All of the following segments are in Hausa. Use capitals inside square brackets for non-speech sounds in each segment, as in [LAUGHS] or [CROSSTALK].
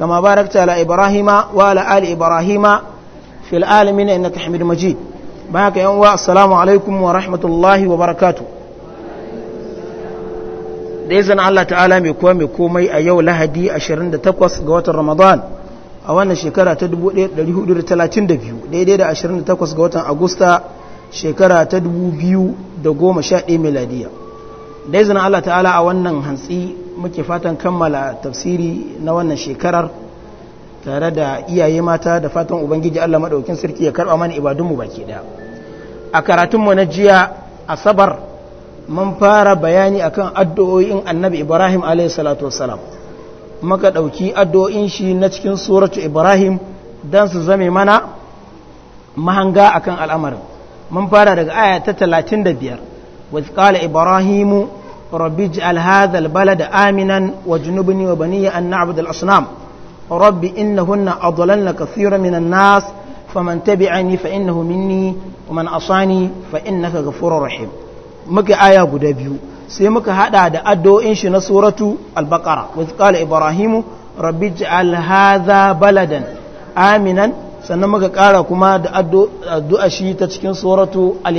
كما باركت la إبراهيم وعلى آل إبراهيم في العالمين إنك حميد مجيد معك يوم السلام عليكم ورحمة الله وبركاته da izin Allah ta'ala mai kowa mai komai a yau lahadi 28 ga watan ramadan a wannan shekara ta 1432 daidai da 28 ga watan agusta shekara ta 2011 miladiya da izin Allah ta'ala a wannan hantsi muke fatan kammala tafsiri na wannan shekarar tare da iyaye mata da fatan ubangiji Allah maɗaukin sarki ya karɓa mana ibadunmu baki ɗaya a karatunmu na jiya asabar mun fara bayani akan addu'o'in annabi ibrahim alayhi salatu wassalam muka ɗauki addu'o'in shi na cikin suratu ibrahim don su zame mana mahanga akan al'amarin mun fara daga aya ta talatin da biyar wasu ƙala ibrahimu rabbi ji alhazal bala da aminan wa junubini wa baniya an na'abu da al'asunam rabbi inna hunna adalan na kasira minan nas faman tabi ani fa inna minni wa fa inna ka gafura rahim muka aya guda biyu sai muka haɗa da addu'o'in shi na suratu al-baqara wa qala ibrahimu rabbi ji alhaza baladan aminan sanan muka kara kuma da addu'a shi ta cikin suratu al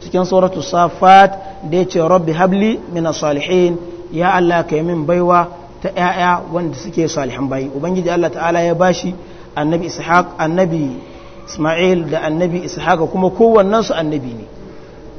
cikin suratu safat da ya ce rabbi habli mina salihin ya Allah ka yi min baiwa ta ‘ya'ya wanda suke salihan bayi ubangiji Allah ta'ala ya bashi annabi ishaq annabi isma'il da annabi ishaq kuma su annabi ne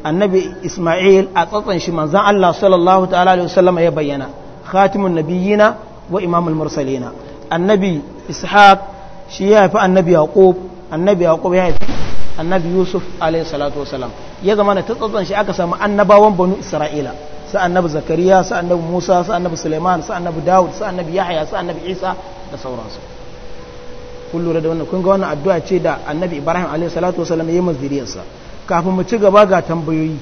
annabi isma'il a tsatsan shi manzan Allah sallallahu ta'ala alaihi wasallama ya bayyana khatimun nabiyina wa imamul mursalina annabi ishaq shi ya haifi annabi yaqub annabi yaqub ya haifi annabi yusuf alayhi salatu wasalam ya zama da tatsatsan shi aka samu annabawan banu isra'ila sa annabi zakariya sa annabi musa sa annabi suleiman sa annabi dawud sa annabi yahya sa annabi isa da sauransu kun lura da wannan kun ga wannan addu'a ce da annabi ibrahim alayhi salatu wasalam ya yi mazuriyarsa kafin mu ci gaba ga tambayoyi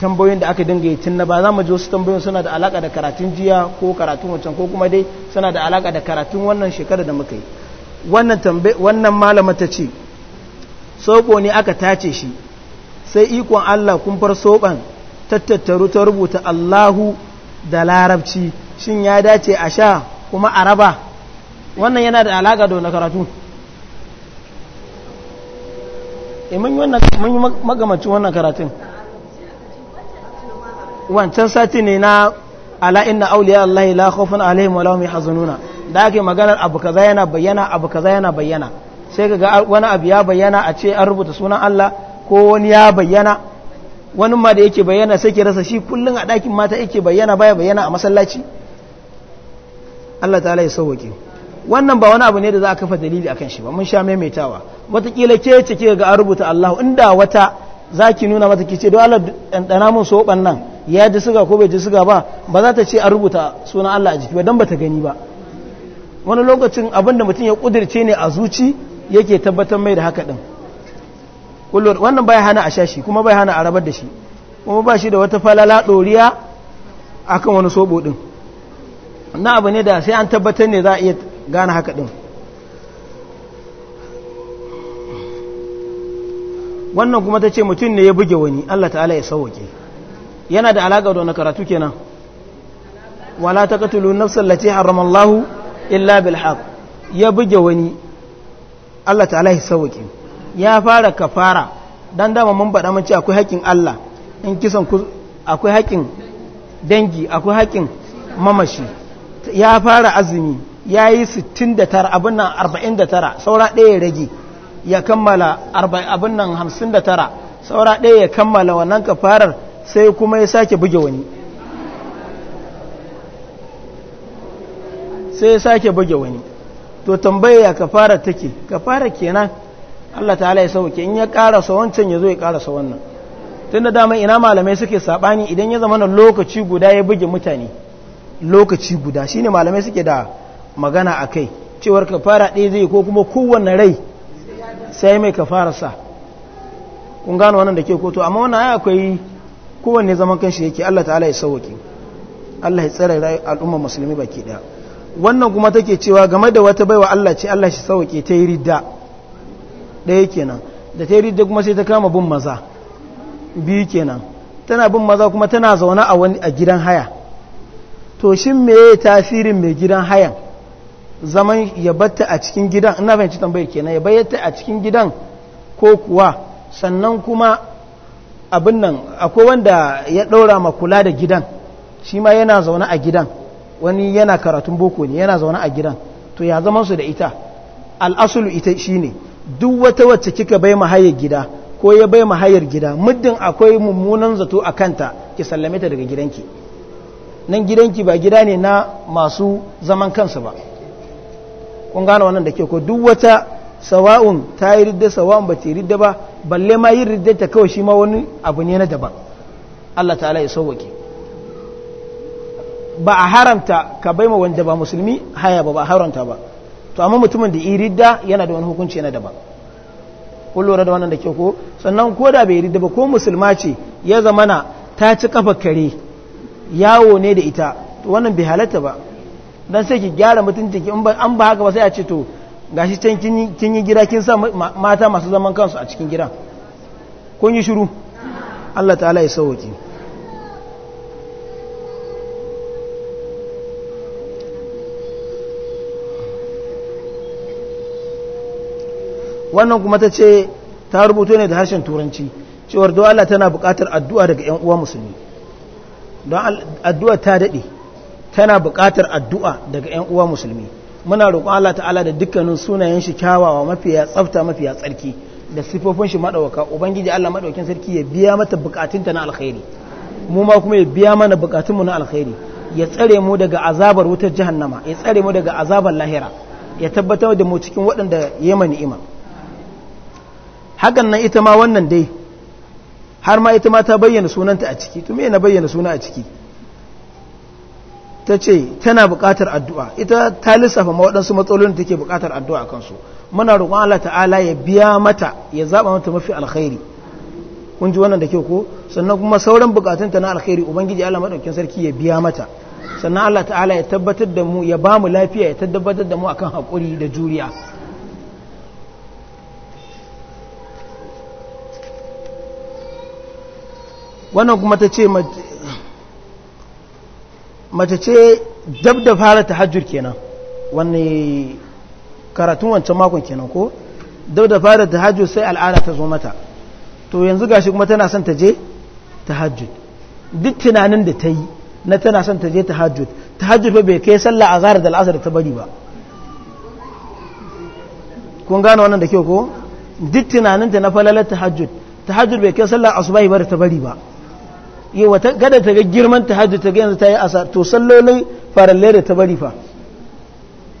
tambayoyin da aka dinga yi tun na ba za mu ji wasu tambayoyin suna da alaka da karatun jiya ko karatun wancan ko kuma dai suna da alaka da karatun wannan shekara da muka yi wannan tambaye wannan malama ta ce soɓo ne aka tace shi sai ikon Allah kumfar soɓan tattattaru ta rubuta Allahu da larabci shin ya dace a sha kuma a raba wannan yana da alaƙa da wani karatu eh, mun yi magamacin wannan karatun wancan sati ne na ala inna auliya Allah la khawfun alaihim wa lahum yahzanuna da ake maganar abu kaza yana bayyana abu kaza yana bayyana sai ga wani abu ya bayyana a ce an rubuta sunan Allah ko wani ya bayyana wani ma da yake bayyana sai ke rasa shi kullum a ɗakin mata yake bayyana baya bayyana a masallaci Allah ta ya sauwake wannan ba wani abu ne da za a kafa dalili akan shi ba mun sha maimaitawa watakila ke ce ke ga an rubuta Allah inda wata za ki nuna mata ki ce don Allah ɗanɗana mun so nan ya ji siga ko bai ji siga ba ba za ta ce an rubuta sunan Allah a jiki ba don ba ta gani ba wani lokacin abin da mutum ya kudirce ne a zuci yake tabbatar mai da haka ɗin wannan bai hana a shashi kuma bai hana a rabar da shi kuma ba shi da wata falala ɗoriya a kan wani sobo ɗin na abu ne da sai an tabbatar ne za a iya gane haka ɗin wannan kuma ta ce mutum ne ya buge wani allah ta'ala ya sauwake yana da alaƙa da wani karatu kenan wala ta katulu nafsar lati haramallahu illa bilhaq ya buge wani Allah ta'ala alaihi sauke ya fara kafara don dama mun faɗa mace akwai haƙin Allah in kisan akwai haƙin dangi akwai haƙin mamashi ya fara azumi ya yi 69 abin nan 49 saura ɗaya ya rage ya kammala abin nan 59 saura ɗaya ya kammala wannan kafarar sai kuma ya sake buge wani sai ya sake buge wani to tambaya kafara take kafara kenan Allah ta'ala ya sauke in ya karasa wancan ya zo ya karasa wannan tunda dama ina malamai suke sabani idan ya zama lokaci guda ya buge mutane lokaci guda shine malamai suke da magana kai cewar kafara ɗaya zai ko kuma kowanne rai sai mai kafararsa kun gano wannan da ke koto amma wannan ya akwai kowanne zaman kanshi yake Allah ta'ala ya sauke Allah ya tsare al'ummar musulmi baki daya wannan kuma take cewa game da wata baiwa Allah ce Allah shi sauke ta yi ridda ɗaya kenan da ta yi ridda kuma sai ta kama bin maza biyu kenan tana bin maza kuma tana zaune a wani a gidan haya to shin meye tasirin mai gidan hayan zaman ya batta a cikin gidan ina fahimci tambayar kenan ya bayyata a cikin gidan ko kuwa sannan kuma abin nan akwai wanda ya ɗaura ma kula da gidan shi ma yana zaune a gidan wani yana karatun boko ne yana zaune a gidan to ya zama su da ita al'asulu ita shi ne duk wata wacce kika bai mahayar gida ko ya bai mahayar gida muddin akwai mummunan zato a kanta ki sallame ta daga gidanki nan gidanki ba gida ne na masu zaman kansa ba kun gane wannan da ke ko duk wata sawa'un ta yi ridda sawa'un ba ta yi ridda ba balle ma yi ridda ta kawai shi ma wani abu ne na daban Allah ta'ala ya sauwake ba a haramta ka bai ma wanda ba musulmi haya ba ba a haramta ba to amma mutumin da iridda yana da wani hukunci na daban kun lura da wannan da ke ko sannan ko da bai iridda ba ko musulma ce ya zama na ta ci kafa kare yawo ne da ita to wannan bai halatta ba dan sai ki gyara mutunci ki an ba haka ba sai a ce to gashi can kin yi gida kin sa mata masu zaman kansu a cikin gida kun yi shiru Allah ta'ala ya sauke wannan kuma ta ce ta rubuto ne da harshen turanci cewar don Allah tana buƙatar addu'a daga ‘yan uwa musulmi don addu'a ta daɗe tana buƙatar addu'a daga ‘yan uwa musulmi muna roƙon Allah ta'ala da dukkanin sunayen shi kyawawa mafiya tsafta mafiya tsarki da sifofin shi maɗauka ubangiji Allah maɗaukin sarki ya biya mata buƙatunta na alkhairi mu ma kuma ya biya mana buƙatunmu na alkhairi ya tsare mu daga azabar wutar jahannama ya tsare mu daga azabar lahira ya tabbatar da mu cikin waɗanda ya ni'ima hakan nan ita ma wannan dai har ma ita ma ta bayyana sunanta a ciki tumi na bayyana suna a ciki ta ce tana bukatar addu'a ita ta lissafa waɗansu matsalolin da take bukatar addu'a a kansu muna roƙon Allah ta'ala ya biya mata ya zaɓa mata mafi alkhairi kun ji wannan da kyau ko sannan kuma sauran ta na alkhairi ubangiji Allah maɗaukin sarki ya biya mata sannan Allah ta'ala ya tabbatar da mu ya ba mu lafiya ya tabbatar da mu akan haƙuri da juriya wannan kuma ta ce mace ce dab da fara ta hajjur kenan wani karatun wancan makon kenan ko dab da fara ta hajjur sai al'ada ta zo mata to yanzu gashi kuma tana son ta je ta hajjur duk tunanin da ta yi na tana son ta je ta hajjur ta hajjur fa bai kai sallah a zahar da al'azar ta bari ba kun gane wannan da kyau ko duk tunanin ta na falalar ta hajjur ta hajjur bai kai sallah asubahi bari ta bari ba yi wata gada ta ga girman ta hajji ta ga yanzu ta yi asa to sallolin farallai da ta bari fa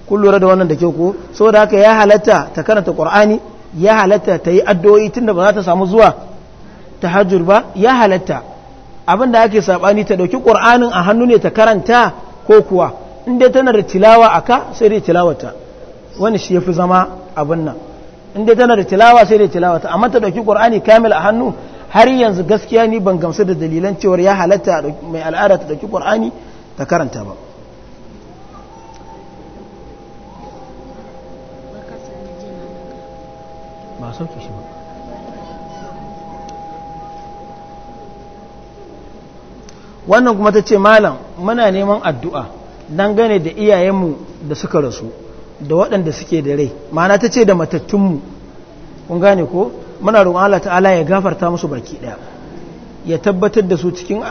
kun da wannan da ku ko saboda haka ya halatta ta karanta qur'ani ya halatta ta yi addu'o'i da ba za ta samu zuwa ta hajjur ba ya halatta abin da ake sabani ta ɗauki qur'anin a hannu ne ta karanta ko kuwa in tana da tilawa a ka sai dai tilawata wani shi ya fi zama abin nan in tana da tilawa sai dai tilawata amma ta ɗauki qur'ani kamil a hannu har yanzu gaskiya ni ban gamsu da dalilan cewar ya halatta mai al'ada ta dauki qur'ani ta karanta ba wannan kuma ta ce malam muna neman addu'a gane da iyayenmu da suka rasu da waɗanda suke da rai mana ta ce da matattunmu kun gane ko muna roƙon Allah ta'ala ya gafarta musu baki ɗaya ya tabbatar da su cikin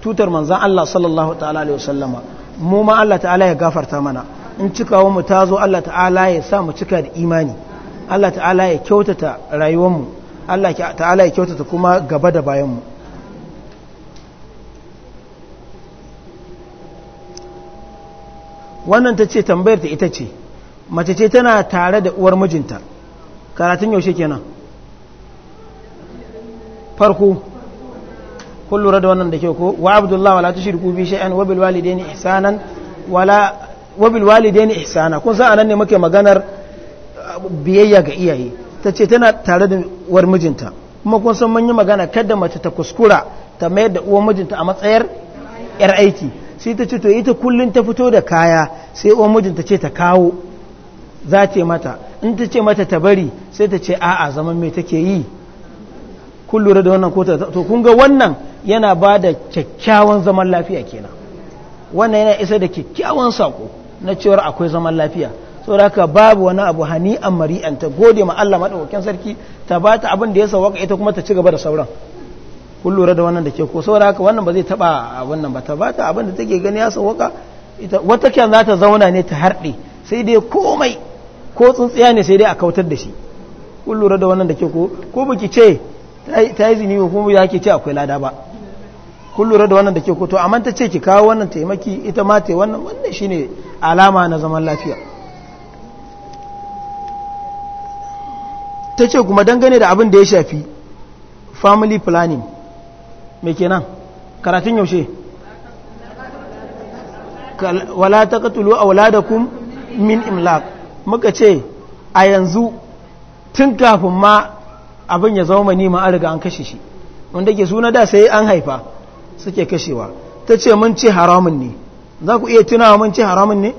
tutar manzan Allah sallallahu ta'ala alaihi wasallama mu ma Allah ta'ala ya gafarta mana in cikawo mu ta zo Allah ta'ala ya sa mu cika da imani Allah ta'ala ya kyautata rayuwar mu Allah ta'ala ya kyautata kuma gaba da bayan mu wannan ta ce tambayar ta ita ce mace ce tana tare da uwar mijinta karatun yaushe kenan farko kullu lura da wannan da ke ko wa abdullahi wala tushriku bi shay'an wa bil walidaini ihsanan wala wa bil walidaini ihsana kun san anan ne muke maganar uh, biyayya ga iyaye tace tana tare da war mijinta kuma kun san mun yi magana kada mace ta kuskura ta mayar da uwar mijinta a matsayar yar aiki sai ta ce to ita kullun ta fito da kaya sai uwan mijinta ce ta kawo za ce mata in ta ce mata ta bari sai ta ce a'a zaman me take yi kun lura da wannan kota to kun ga wannan yana ba da kyakkyawan zaman lafiya kenan wannan yana isa da kyakkyawan sako na cewar akwai zaman lafiya saboda haka babu wani abu hani an mari'an ta gode ma Allah madaukakin sarki ta ba ta abin da ya sauka ita kuma ta ci gaba da sauran kun lura da wannan da ke ko saboda haka wannan ba zai taba wannan ba ta ba ta abin da take gani ya sauka ita wata kyan za ta zauna ne ta harɗe sai dai komai ko tsuntsiya ne sai dai a kautar da shi kun lura da wannan da ke ko ko baki ce ta yi zini kuma ya ke ce akwai lada ba kun lura da wannan da ke koto amma ta ce ki kawo wannan taimaki ita ma ta wannan wannan ne alama na zaman lafiya ta ce kuma dangane da abin da ya shafi family planning mai kenan karatun yaushe wala ta katulu a wala da kun min imlak muka ce a yanzu tun kafin ma abin ya zama mani an riga an kashe shi wanda ke suna da sai an haifa suke kashewa ta ce mun ce haramun ne za ku iya tunawa mun ce haramun ne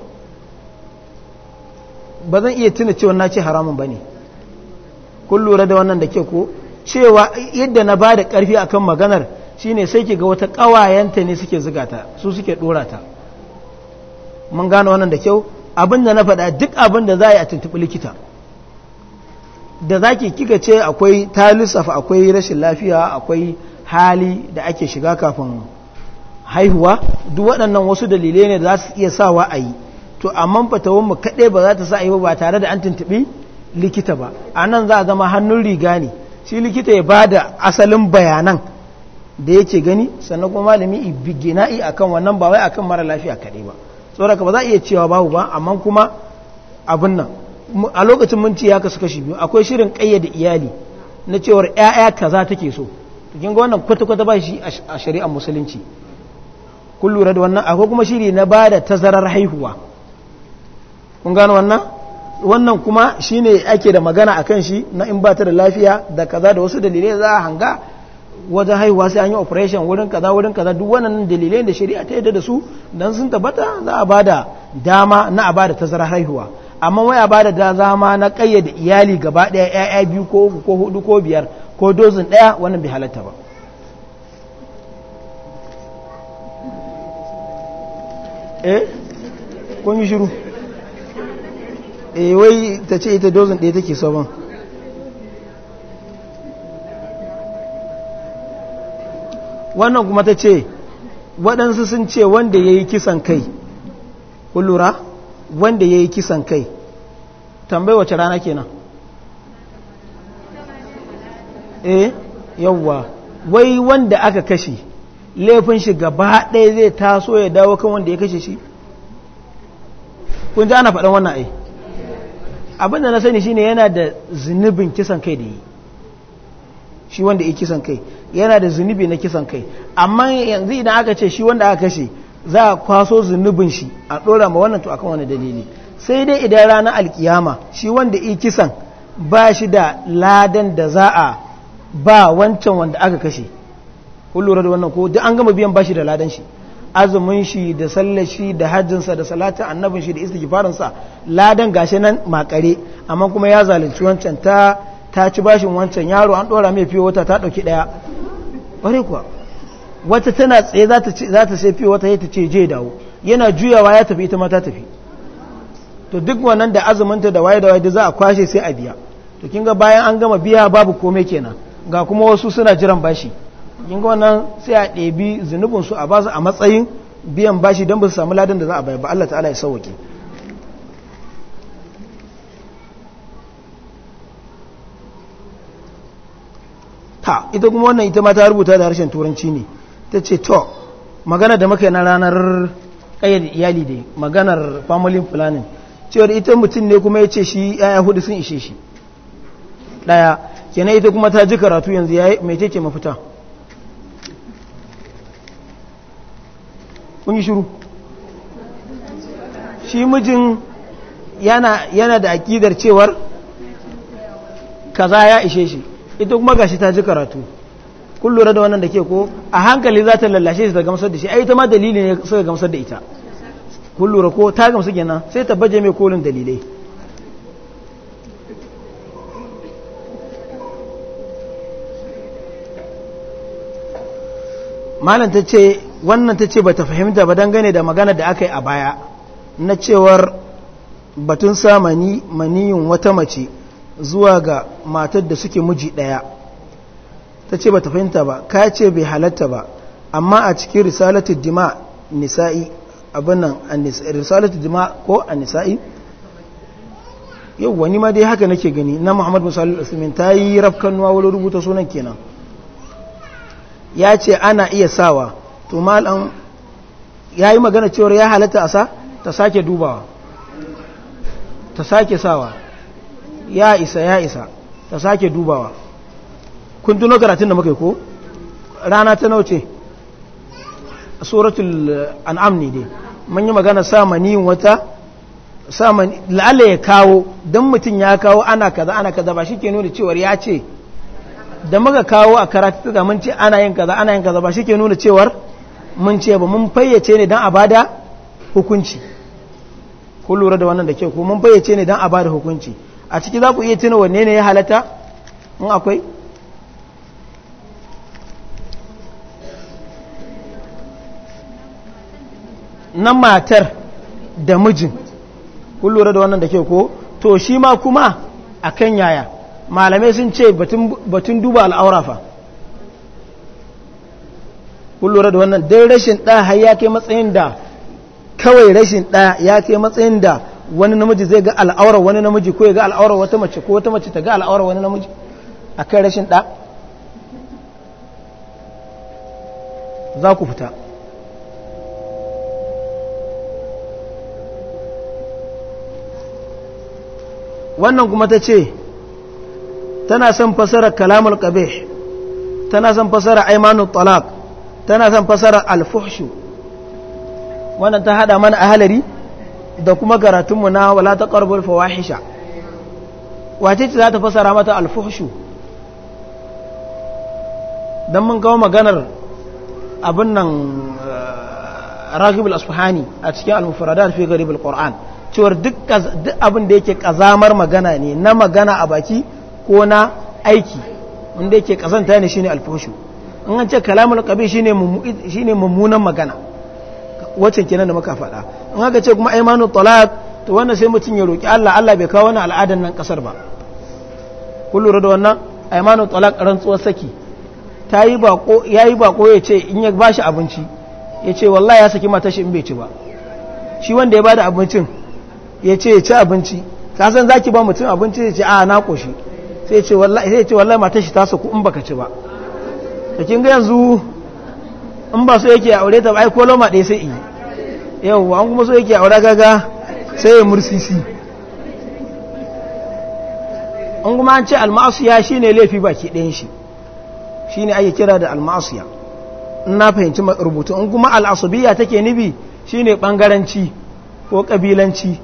ba zan iya tuna cewa na ce haramun ba ne kun lura da wannan da ke ko cewa yadda na ba da ƙarfi a kan maganar shine sai ke ga wata ƙawayenta ne suke zigata su suke ɗora ta mun gane wannan da kyau abin da na faɗa duk abin da za a yi a tuntuɓi likita da zaki kika ce akwai talisafa akwai rashin lafiya akwai hali da ake shiga kafin haihuwa duk waɗannan wasu dalilai ne da za su iya sawa a yi to amma fatawan mu kaɗai ba za ta sa a yi ba tare da an tuntuɓi likita ba a nan za a zama hannun riga ne shi likita ya ba da asalin bayanan da yake gani sannan kuma malami bigina'i akan wannan ba wai akan mara lafiya kaɗai ba saboda ba za a iya cewa babu ba amma kuma abin nan a lokacin mun ce ya kasu kashi biyu akwai shirin ƙayyade iyali na cewar ‘ya'ya kaza take so kin ga wannan kwata-kwata ba shi a shari'ar musulunci kun lura da wannan akwai kuma shiri na ba da tazarar haihuwa kun gano wannan wannan kuma shi ne ake da magana a kan shi na in ba ta da lafiya da kaza da wasu dalilai za a hanga wajen haihuwa sai an yi operation wurin kaza wurin kaza duk wannan dalilai da shari'a ta yadda da su don sun tabbata za a ba da dama na a ba da tazarar haihuwa amma waya ba da zama na kayyade iyali gaba daya yaya biyu ko uku ko hudu ko biyar ko dozin daya wannan bai halatta ba eh kun yi shiru eh wai ta ce ita dozin daya take so ban wannan kuma ta ce waɗansu sun ce wanda ya yi kisan kai kullura. lura? wanda ya yi kisan kai tambayi wace rana kenan eh yawwa wai wanda aka kashe laifin shi gaba ɗaya zai taso ya dawo kan wanda ya kashe shi kun ji ana faɗin wannan ai abinda na sani shine yana da zunubin kisan kai da yi shi wanda ya kisan kai yana da zunubi na kisan kai amma yanzu idan aka ce shi wanda aka kashe za a kwaso zunubin shi a ɗora ma wannan to akan wani dalili sai dai idan ranar alkiyama shi wanda i kisan ba shi da ladan da za a ba wancan wanda aka kashe kun lura da wannan ko duk an gama biyan ba shi da ladan shi azumin shi da sallashi da hajjinsa da salatin annabin shi da istighfarinsa ladan gashi nan makare amma kuma ya zalunci wancan ta ta ci bashin wancan yaro an ɗora mai fiye wata ta ɗauki ɗaya bare kuwa wata tana tsaye za ta sai fiye wata ta ce je dawo yana juyawa ya tafi ita mata ta tafi to duk wannan da azuminta da waye da waye da za a kwashe sai a biya to kin ga bayan an gama biya babu komai kenan ga kuma wasu suna jiran bashi kin ga wannan sai a ɗebi zunubin su a ba su a matsayin biyan bashi don ba su samu ladan da za a bayar ba Allah ta'ala ya sauwake ta ita kuma wannan ita ma ta rubuta da harshen turanci ne ta ce to magana da maka na ranar ƙayyar iyali dai maganar family planning cewar ita mutum ne kuma ya ce shi yaya hudu sun ishe shi ɗaya kenan ita kuma ta ji karatu yanzu ya yi mai teke mafita ƙungi yi shi mijin yana da aƙidar cewar kaza ya ishe shi ita kuma gashi ta ji karatu kun lura da wannan da ke ko a hankali za ta lallashe su ta gamsar da shi ai ta ma dalili ne suka gamsar da ita kun ko ta gamsu kenan sai ta baje mai kolin dalilai malam ta ce wannan ta ce ba ta fahimta ba dangane da magana da aka yi a baya na cewar batun sa maniyin wata mace zuwa ga matar da suke miji ɗaya ta ce ba ta fahimta ba ka ce bai halatta ba amma a cikin risalatu dima nisa'i abin nan risalatu dima ko a nisa'i yau wani ma dai haka nake gani na muhammad musalli al'asimin ta yi rafkan nuwa wani rubuta sunan kenan ya ce ana iya sawa to malam ya yi magana cewar ya halatta a sa ta sake dubawa ta sake sawa ya isa ya isa ta sake dubawa kun tuno karatun da muka yi ko rana ta nauce suratul eh, an'am ne dai mun yi magana sa wata samani mani la'alla ya kawo dan mutum ya kawo ana kaza ana kaza ba shike nuna cewa ya ce da muka kawo a karatu da mun ce ana yin kaza ana yin kaza ba shike nuna cewa mun ce ba mun fayyace ne dan a bada hukunci ku lura da wannan da ke ko mun fayyace ne dan a bada hukunci a ciki za ku iya tuna wanne ne ya halatta mun akwai na matar da mijin kun lura da wannan da ke ko to shi ma kuma a kan yaya malamai sun ce batun duba al'aura fa kun lura da wannan dai rashin ɗa har ya ke matsayin da kawai rashin ɗa ya ke matsayin da wani namiji zai ga al'aurar wani namiji ko ya ga al'aurar wata mace ko wata mace ta ga al'aurar wani namiji a kan rashin ɗa za ku fita wannan kuma ta ce tana son fasara kalamul qabih tana son fasara aimanu talak tana son fasara alfuhshu wannan ta hada mana halari da kuma karatunmu na wala taqrabul fawahisha wace ce za ta fasara mata alfuhshu dan mun kawo maganar abin nan eh, ragib asfahani a cikin al-mufradat fi gharib al-qur'an cewar duk abin da yake kazamar magana ne na magana a baki ko na aiki wanda yake kazanta ne shine alfoshu in an ce kalamul qabi shine shine mummunan magana wacce kenan da muka faɗa in haka ce kuma aymanu talaq to wannan sai mutun ya roki Allah Allah bai kawo wannan al'adan nan kasar ba kun lura da wannan aymanu talaq rantsuwar saki tayi bako yayi bako ce in ya bashi abinci ya ce wallahi ya saki matar shi in bai ci ba shi wanda ya bada abincin ya ce ya ci abinci ta san za ki ba mutum abinci ya ce a ah, na ƙoshi sai ya ce wallai mata shi ta saku in baka ci ba da kin ga yanzu in ba so yake aure ta ba ai ko loma ɗaya sai iya yau an kuma so yake aure gaga sai ya mursisi an kuma an ce shi shine laifi baki ɗayan shi shine ake kira da almasiya in na fahimci rubutu in kuma al'asubiya take nibi ne bangaranci ko ƙabilanci.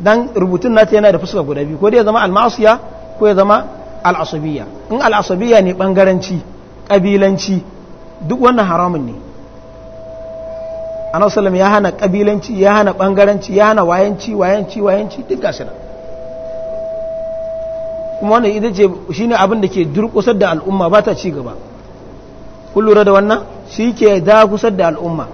dan rubutun nata yana da fuska guda biyu ko dai ya zama al masiya ko ya zama al-asabiyya in al-asabiyya ne bangaranci kabilanci duk wannan haramun ne annabi sallam ya hana kabilanci ya hana bangaranci ya hana wayanci wayanci wayanci duk gashi nan kuma wannan ita ce shine abin da ke durƙusar da al'umma ba ta ci gaba kun da wannan shi ke da kusar da al'umma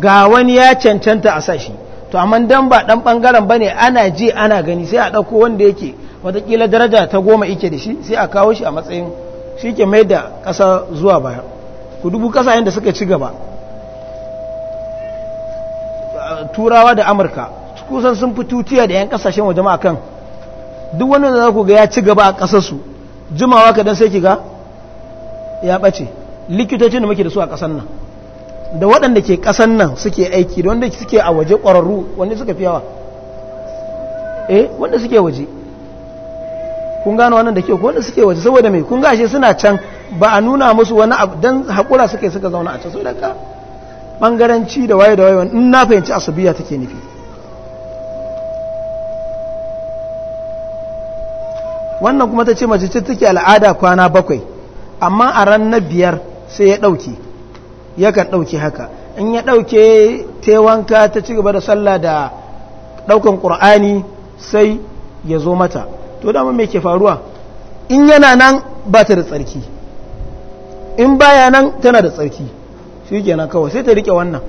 ga wani ya cancanta a sa shi to amma dan ba dan bangaren bane ana ji ana gani sai a dauko wanda yake watakila daraja ta goma yake da shi sai a kawo shi a matsayin shi ke mai da ƙasa zuwa baya ku dubu ƙasayen da suka ci gaba turawa da amurka kusan sun fi tutiya da 'yan ƙasashen waje ma kan duk wani da za ku ga ya ci gaba a ƙasarsu jimawa kadan sai ki ga ya ɓace likitocin da muke da su a ƙasar nan da waɗanda ke ƙasan nan suke aiki da wanda suke a waje ƙwararru wanda suka fi yawa eh wanda suke waje kun gano wannan da ke wanda suke waje saboda mai kun gashe suna can ba a nuna musu wani abu don haƙura suke suka zauna a can so daga ɓangaranci da waye da waye in na fahimci asabiya take nufi wannan kuma ta ce mace ce take al'ada kwana bakwai amma a ran na biyar sai ya ɗauke yakan ɗauke haka in ya ɗauke ta ta ci gaba da sallah da ɗaukan ƙur'ani sai ya zo mata to dama mai ke faruwa in yana nan ba ta da tsarki in baya nan tana da tsarki shi nan kawai sai ta riƙe wannan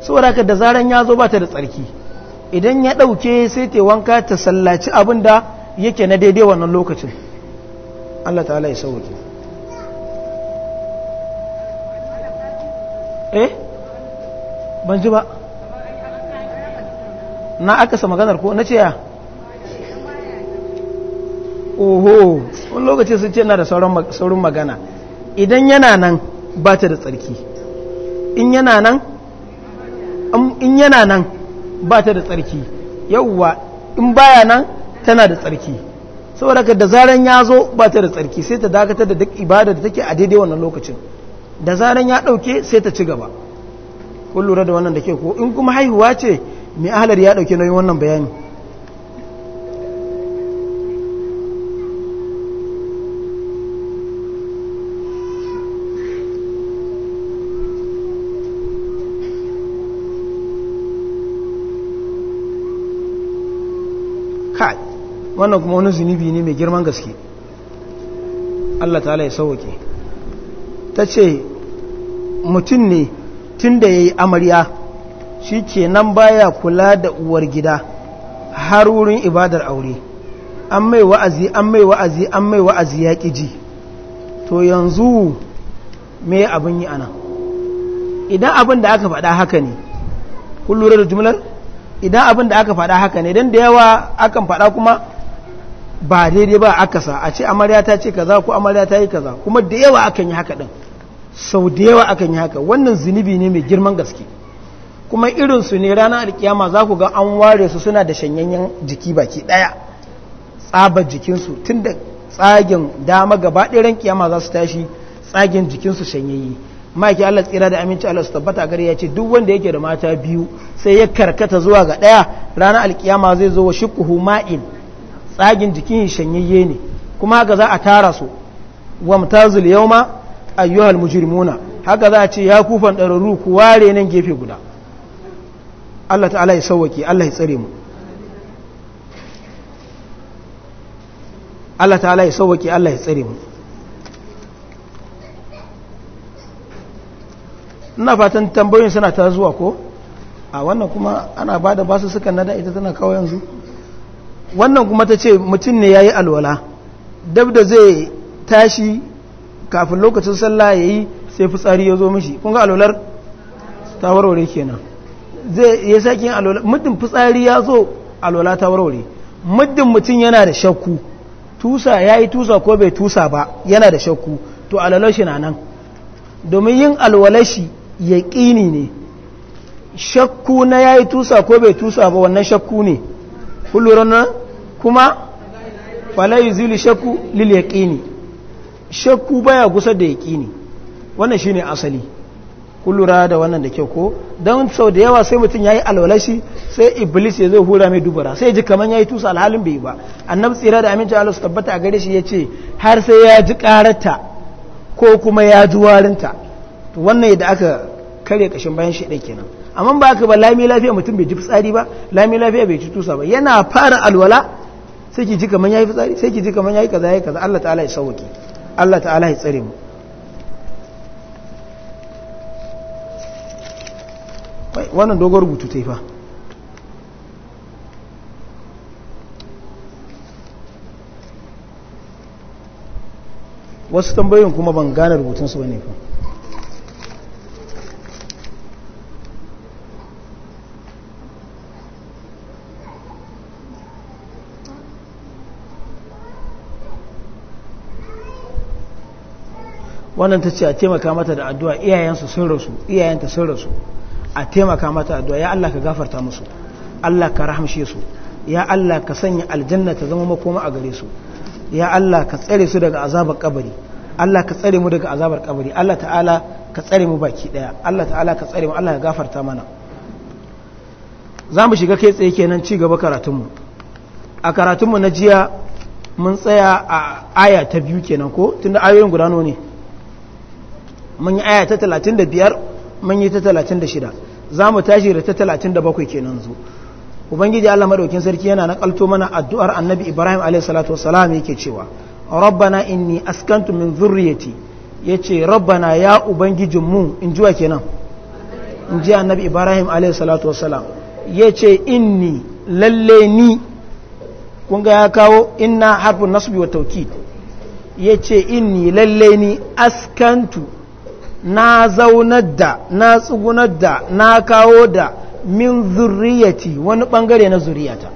saboda haka da zaran ya zo ba ta da tsarki idan ya ɗauke sai ta ta sallaci abin da yake na daidai wannan lokacin Allah ta'ala ya sauke eh ban ji ba na akasa maganar ko na ce ya oho wani lokaci sun ce na da saurin magana idan yana nan ba ta da tsarki in yana nan in yana nan ba ta da tsarki yauwa in baya nan tana da tsarki saboda ka da zaren ya zo ba ta da tsarki sai ta dakatar da duk ibada da take a daidai wannan lokacin da zaran ya ɗauke sai ta ci gaba kun lura da wannan da ke ko in kuma haihuwa ce mai ahalar ya ɗauke nauyin wannan bayani kai wannan kuma wani zunubi ne mai girman gaske Allah ta ya sauke ta ce mutum ne tun da ya yi amarya shi ke nan baya kula da uwar gida har wurin ibadar aure an mai wa'azi an mai wa'azi an mai wa'azi ya ƙi ji to yanzu me abin yi ana idan abin da aka faɗa haka ne kun lura da jumlar idan abin da aka faɗa haka ne don da yawa akan faɗa kuma ba daidai ba akasa a ce amarya ta ce kaza ko amarya ta yi kaza kuma da yawa akan yi haka ɗin sau da yawa akan yi haka wannan zunubi ne mai girman gaske kuma irin su ne ranar alkiyama za ku ga an ware su suna da shanyanyen jiki baki ɗaya tsabar jikinsu tun da tsagen dama gaba ɗaya kiyama za su tashi tsagen jikinsu shanyayye maki Allah tsira da aminci Allah su tabbata gare ya ce duk wanda yake da mata biyu sai ya karkata zuwa ga ɗaya ranar alkiyama zai zo wa shikuhu ma'in tsagen jikin shanyayye ne kuma ga za a tara su wa mutazul ma. ayyuhal mujrimuna haka za a ce ya kufan ɗararru ku ware nan gefe guda Allah ta'ala ya sauwake Allah ya tsare mu Allah ta'ala ya sauwake Allah ya tsare mu ina fatan tambayoyin suna ta zuwa ko a wannan kuma ana ba da basu suka nada ita tana kawo yanzu wannan kuma ta ce mutum ne ya yi alwala dab da zai tashi kafin lokacin sallah ya yi sai fitsari ya zo mishi kun ga alolar ta warware kenan zai ya sakin muddin fitsari ya zo alola ta warware muddin mutum yana da shakku tusa ya yi tusa ko bai tusa ba yana da shakku to alolar shi na nan domin yin alolar shi ya ƙini ne shakku na ya yi tusa ko bai tusa ba wannan shakku ne kullum kuma falai zili shakku lil yaƙini shakku baya kusa da ne wannan shine asali kullura da wannan da kyau ko don sau da yawa sai mutum ya yi alwalashi sai iblis ya zo hura mai dubara sai ji kamar ya yi tusa alhalin bai ba annab tsira da aminci allah tabbata a gare shi ya ce har sai ya ji karata ko kuma ya ji warinta wannan yadda aka kare kashin bayan shi nan amma ba aka ba lami lafiya mutum bai ji fitsari ba lami lafiya bai ci tusa ba yana fara alwala sai ki ji kamar ya yi fitsari sai ki ji kamar ya yi kaza ya yi kaza allah ta'ala ya sauke Allah ta'ala ya tsare mu wannan dogon rubutu ta yi fa wasu tambayoyin kuma ban gane rubutunsu ba ne fa wannan ta ce a taimaka mata da addu'a iyayensu sun rasu iyayenta sun rasu a taimaka mata addu'a ya Allah ka gafarta musu Allah ka rahamshe su ya Allah ka sanya aljanna ta zama makoma a gare su ya Allah ka tsare su daga azabar kabari Allah ka tsare mu daga azabar kabari Allah ta'ala ka tsare mu baki daya Allah ta'ala ka tsare mu Allah ka gafarta mana za mu shiga kai tsaye kenan ci gaba karatunmu a karatunmu na jiya mun tsaya a aya ta biyu kenan ko tunda ayoyin guda ne mun yi aya ta 35 mun yi ta 36 za mu tashi da ta 37 kenan zo ubangiji Allah madaukin sarki yana na nakalto mana addu'ar annabi Ibrahim alayhi salatu wassalam yake cewa rabbana inni askantu min ya yace rabbana ya ubangijin mu in jiwa kenan in ji annabi Ibrahim alayhi salatu wassalam yace inni lalle ni kun ga ya kawo inna harfun nasbi wa taukid yace inni lalle ni askantu na zaunar da na tsugunar da na kawo da min zurriyati wani bangare na zuriyata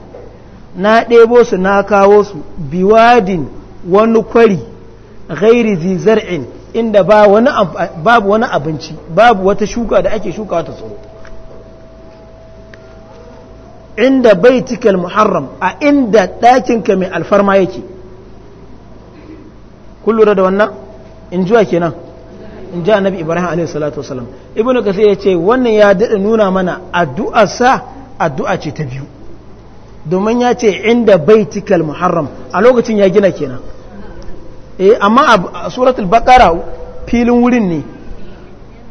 na ɗebo su na kawo su biwadin wani kwari ghairi zizar'in inda babu wani abinci babu wata shuka da ake shuka ta tsoro inda baitikal muharram a inda ɗakinka mai alfarma yake Kullum da wannan in juwa kenan in ji annabi ibrahim alaihi salatu wasalam ibnu kasir ya ce wannan ya daɗa nuna mana sa addu'a ce ta biyu domin ya ce inda baitikal muharram a lokacin ya gina kenan eh amma a suratul baqara filin wurin ne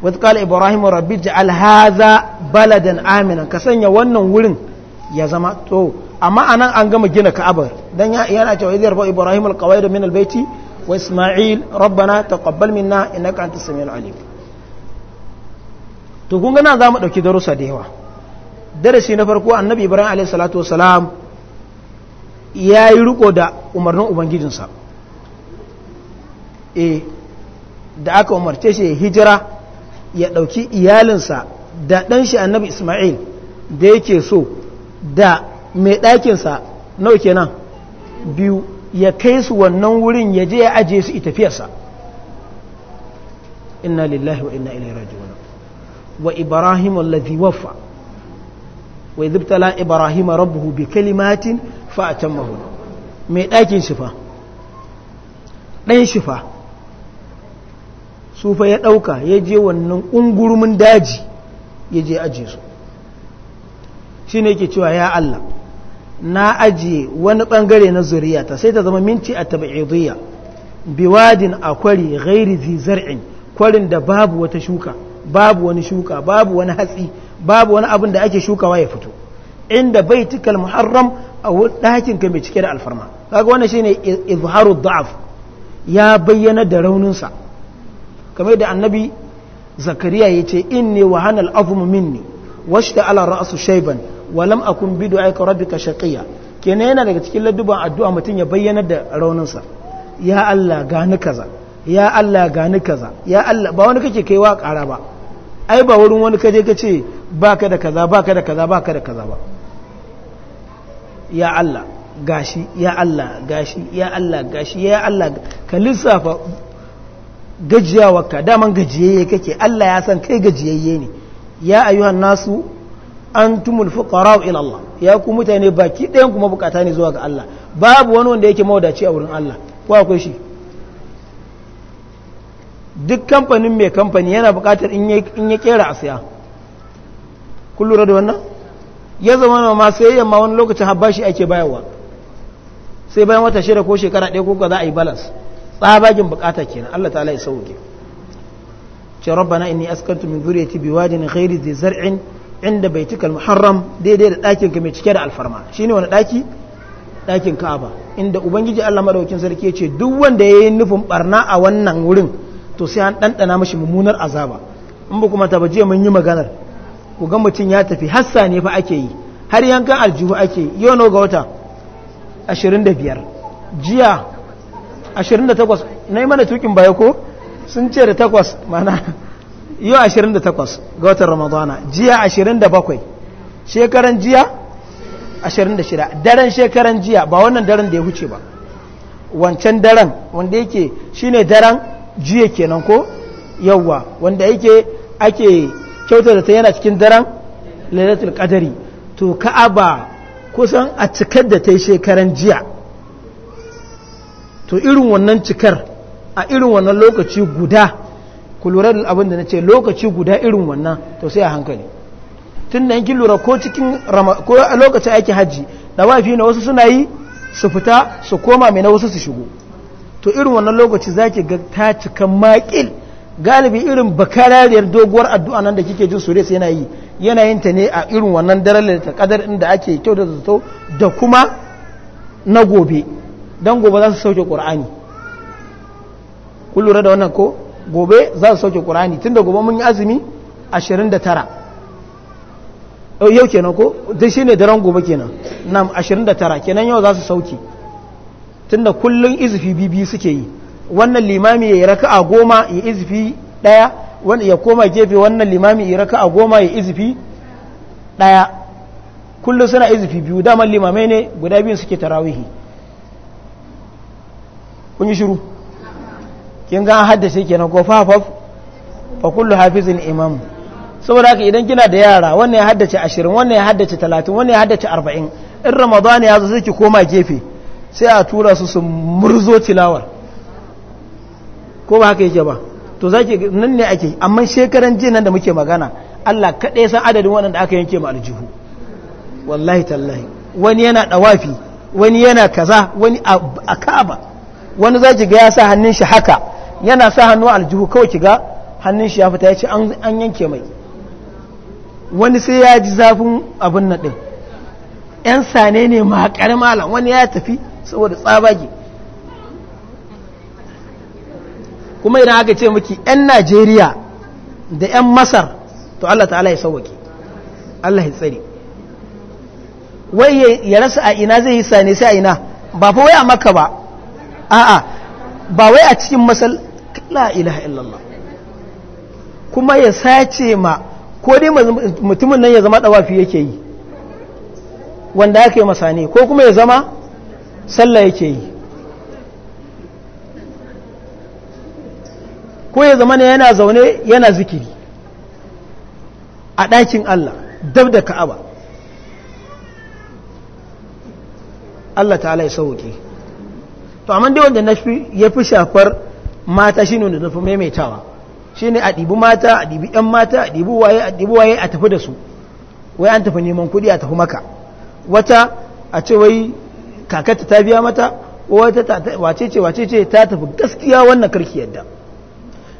wata kala ibrahim rabbi ja'al hadha baladan amina ka sanya wannan wurin ya zama to amma anan an gama gina ka'abar dan yana cewa idhar ibrahim alqawaid min albayti وإسماعيل ربنا تقبل منا إنك أنت السميع العليم to kun ga za mu ɗauki darussa da yawa darasi na farko annabi ibrahim alayhi salatu wasalam ya yi riko da umarnin ubangijinsa eh da aka umarce shi ya hijira ya ɗauki iyalinsa da ɗan shi annabi ismail da yake so da mai ɗakinsa nawa kenan biyu ya kai su wannan wurin ya je ya aje su tafiyarsa inna lillahi wa inna ilaihi wa ibrahim allazi waffa wa idibtala ibrahim rabbuhu bi kalimatin fa atammahu mai ɗakin shifa ɗan shifa su fa ya ɗauka ya je wannan ungurumin daji ya je aje su shine yake cewa ya Allah na ajiye wani bangare na zuriyata sai ta zama minti a tabi'idiyya biwadin a kwari ghairi zi kwarin da babu wata shuka babu wani shuka babu wani hatsi babu wani abin da ake shukawa ya fito inda baitikal muharram a ɗakin ka mai cike da alfarma kaga wannan shine izharu da'af ya bayyana da rauninsa kamar da annabi zakariya ya ce inni wa hanal azmu minni washta ala ra'su shayban walam akun bidu aika rabbika shaqiya kene yana daga cikin ladduban addu'a mutum ya bayyana da rauninsa ya Allah ni kaza ya Allah ni kaza ya Allah ba wani kake kaiwa ƙara ba ai ba wurin wani kaje ka ce baka da kaza baka da kaza baka da kaza ba ya Allah gashi ya Allah gashi ya Allah gashi ya Allah ka lissafa gajiyawarka daman gajiyayye kake Allah ya san kai gajiyayye ne ya ayyuhan nasu antumul fuqara ila Allah ya ku mutane baki ɗayan kuma bukata ne zuwa ga Allah babu wani wanda yake mawadaci a wurin Allah ko akwai shi duk kamfanin mai kamfani yana bukatar in ya kera a siya kun da wannan ya zama ma sai yamma wani lokacin bashi ake bayarwa sai bayan wata shida ko shekara ɗaya ko ka za a yi balance tsabagin bukata kenan Allah ta'ala ya sauke ce rabbana inni askantu min dhurriyyati biwadin ghairi zai zar'in inda bai baitukal muharram daidai da ɗakin mai cike da alfarma shi ne wani ɗaki ɗakin Ka'aba inda ubangiji Allah maɗaukin sarki ya ce duk wanda ya yi nufin barna a wannan wurin to sai an ɗanɗana mashi mummunar azaba in ba kuma taba jiya mun yi maganar ku ga mutum ya tafi hassa ne fa ake yi har yankan aljihu ake yi yau ga wata 25 jiya 28 yi mana tukin baya ko sun ce da takwas mana yau 28 ga watan ramadana jiya 27 shekaran jiya 26 daren shekaran jiya ba wannan daren da ya huce ba wancan daren wanda yake shine daren jiya kenan ko yawwa wanda yake ake kyauta da ta yana cikin daren lalatul qadari to ka'aba kusan a cikar da ta yi shekaran jiya to irin wannan cikar a irin wannan lokaci guda ku lura da abin da na ce lokaci guda irin wannan to sai a hankali tun da yankin lura ko cikin ko a lokacin aiki hajji da wafi na wasu suna yi su fita su koma mai na wasu su shigo to irin wannan lokaci za ki ga ta cika makil galibi irin bakarariyar doguwar addu'a nan da kike jin sure sai yana yi yana yin ta ne a irin wannan daren ta kadar inda ake kyau da zato da kuma na gobe dan gobe za su sauke qur'ani ku lura da wannan ko gobe za su sauke ƙur'ani tun da gobe mun yi azumi 29 eh, yau kenan ko dai ne daren gobe kenan nam 29 kenan yau za su sauke Tun da kullum izifi bibi suke yi wannan limami ya yi raka a goma ya izifi daya wanda ya koma gefe wannan limami ya yi raka a goma ya izifi daya kullum suna izifi biyu daman limamai ne guda biyun suke tarawihi kun yi shiru kin ga an haddace kenan ko fafaf fa kullu hafizin imam saboda haka idan kina da yara wannan ya haddace 20 wannan ya haddace 30 wannan ya haddace 40 in ramadan ya zo sai ki koma gefe sai a tura su su murzo tilawar ko ba haka yake ba to zaki nan ne ake amma shekaran jin nan da muke magana Allah kaɗai san adadin waɗanda aka yanke ma aljihu wallahi tallahi wani yana ɗawafi wani yana kaza wani a kaba wani za ga ya sa hannun shi haka yana sa hannu aljihu kawai kiga hannun shi ya fita ya ce an yanke mai wani sai ya ji zafin abin na ɗin ‘yan sane ne makar malam wani ya tafi saboda tsabage kuma idan aka ce miki ‘yan najeriya da ‘yan masar to Allah ta'ala ya sauwake Allah ya tsari wai ya rasa a ina zai yi sane sai a ina ba fa wai a maka ba a'a ba wai a cikin masal la ilaha illallah kuma ya sace ma ko dai mutumin nan ya zama dawafi yake yi wanda yake masa ko kuma ya zama sallah yake yi ko ya zama ne yana zaune yana zikiri a ɗakin Allah dab da ka'aba Allah ta'ala ya sauke to amma dai wanda nafi ya fi shafar mata shi ne zafi maimaitawa shi ne a ɗibi mata a ɗibi ‘yan mata a ɗibi waye a ɗibi waye a tafi da su wai an tafi neman kuɗi a tafi maka wata a ce wai kakata ta biya mata wata wace ce wace ce ta tafi gaskiya wannan karki yadda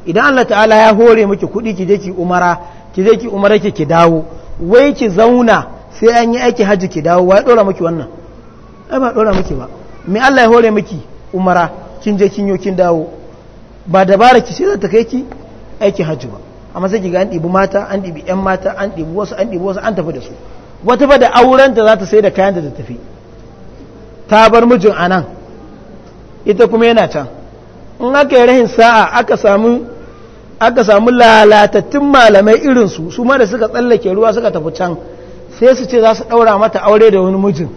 idan Allah ta'ala ya hore miki kuɗi ki je ki umara ki je ki umara ki ki dawo wai ki zauna sai an yi aiki hajji ki dawo wai dora miki wannan ai ba dora miki ba me Allah ya hore miki umara kin je kin yo kin dawo ba dabara ki sai za ta kai ki aikin hajji ba amma sai ki ga an ɗibi mata an ɗibi ƴan mata an ɗibi wasu an ɗibi wasu an tafi da su wata ba da auren ta za ta sai da kayan da ta tafi ta bar mijin a nan ita kuma yana can in aka yi rahin sa'a aka samu aka samu lalatattun malamai irin su ma da suka tsallake ruwa suka tafi can sai su ce za su ɗaura mata aure da wani mijin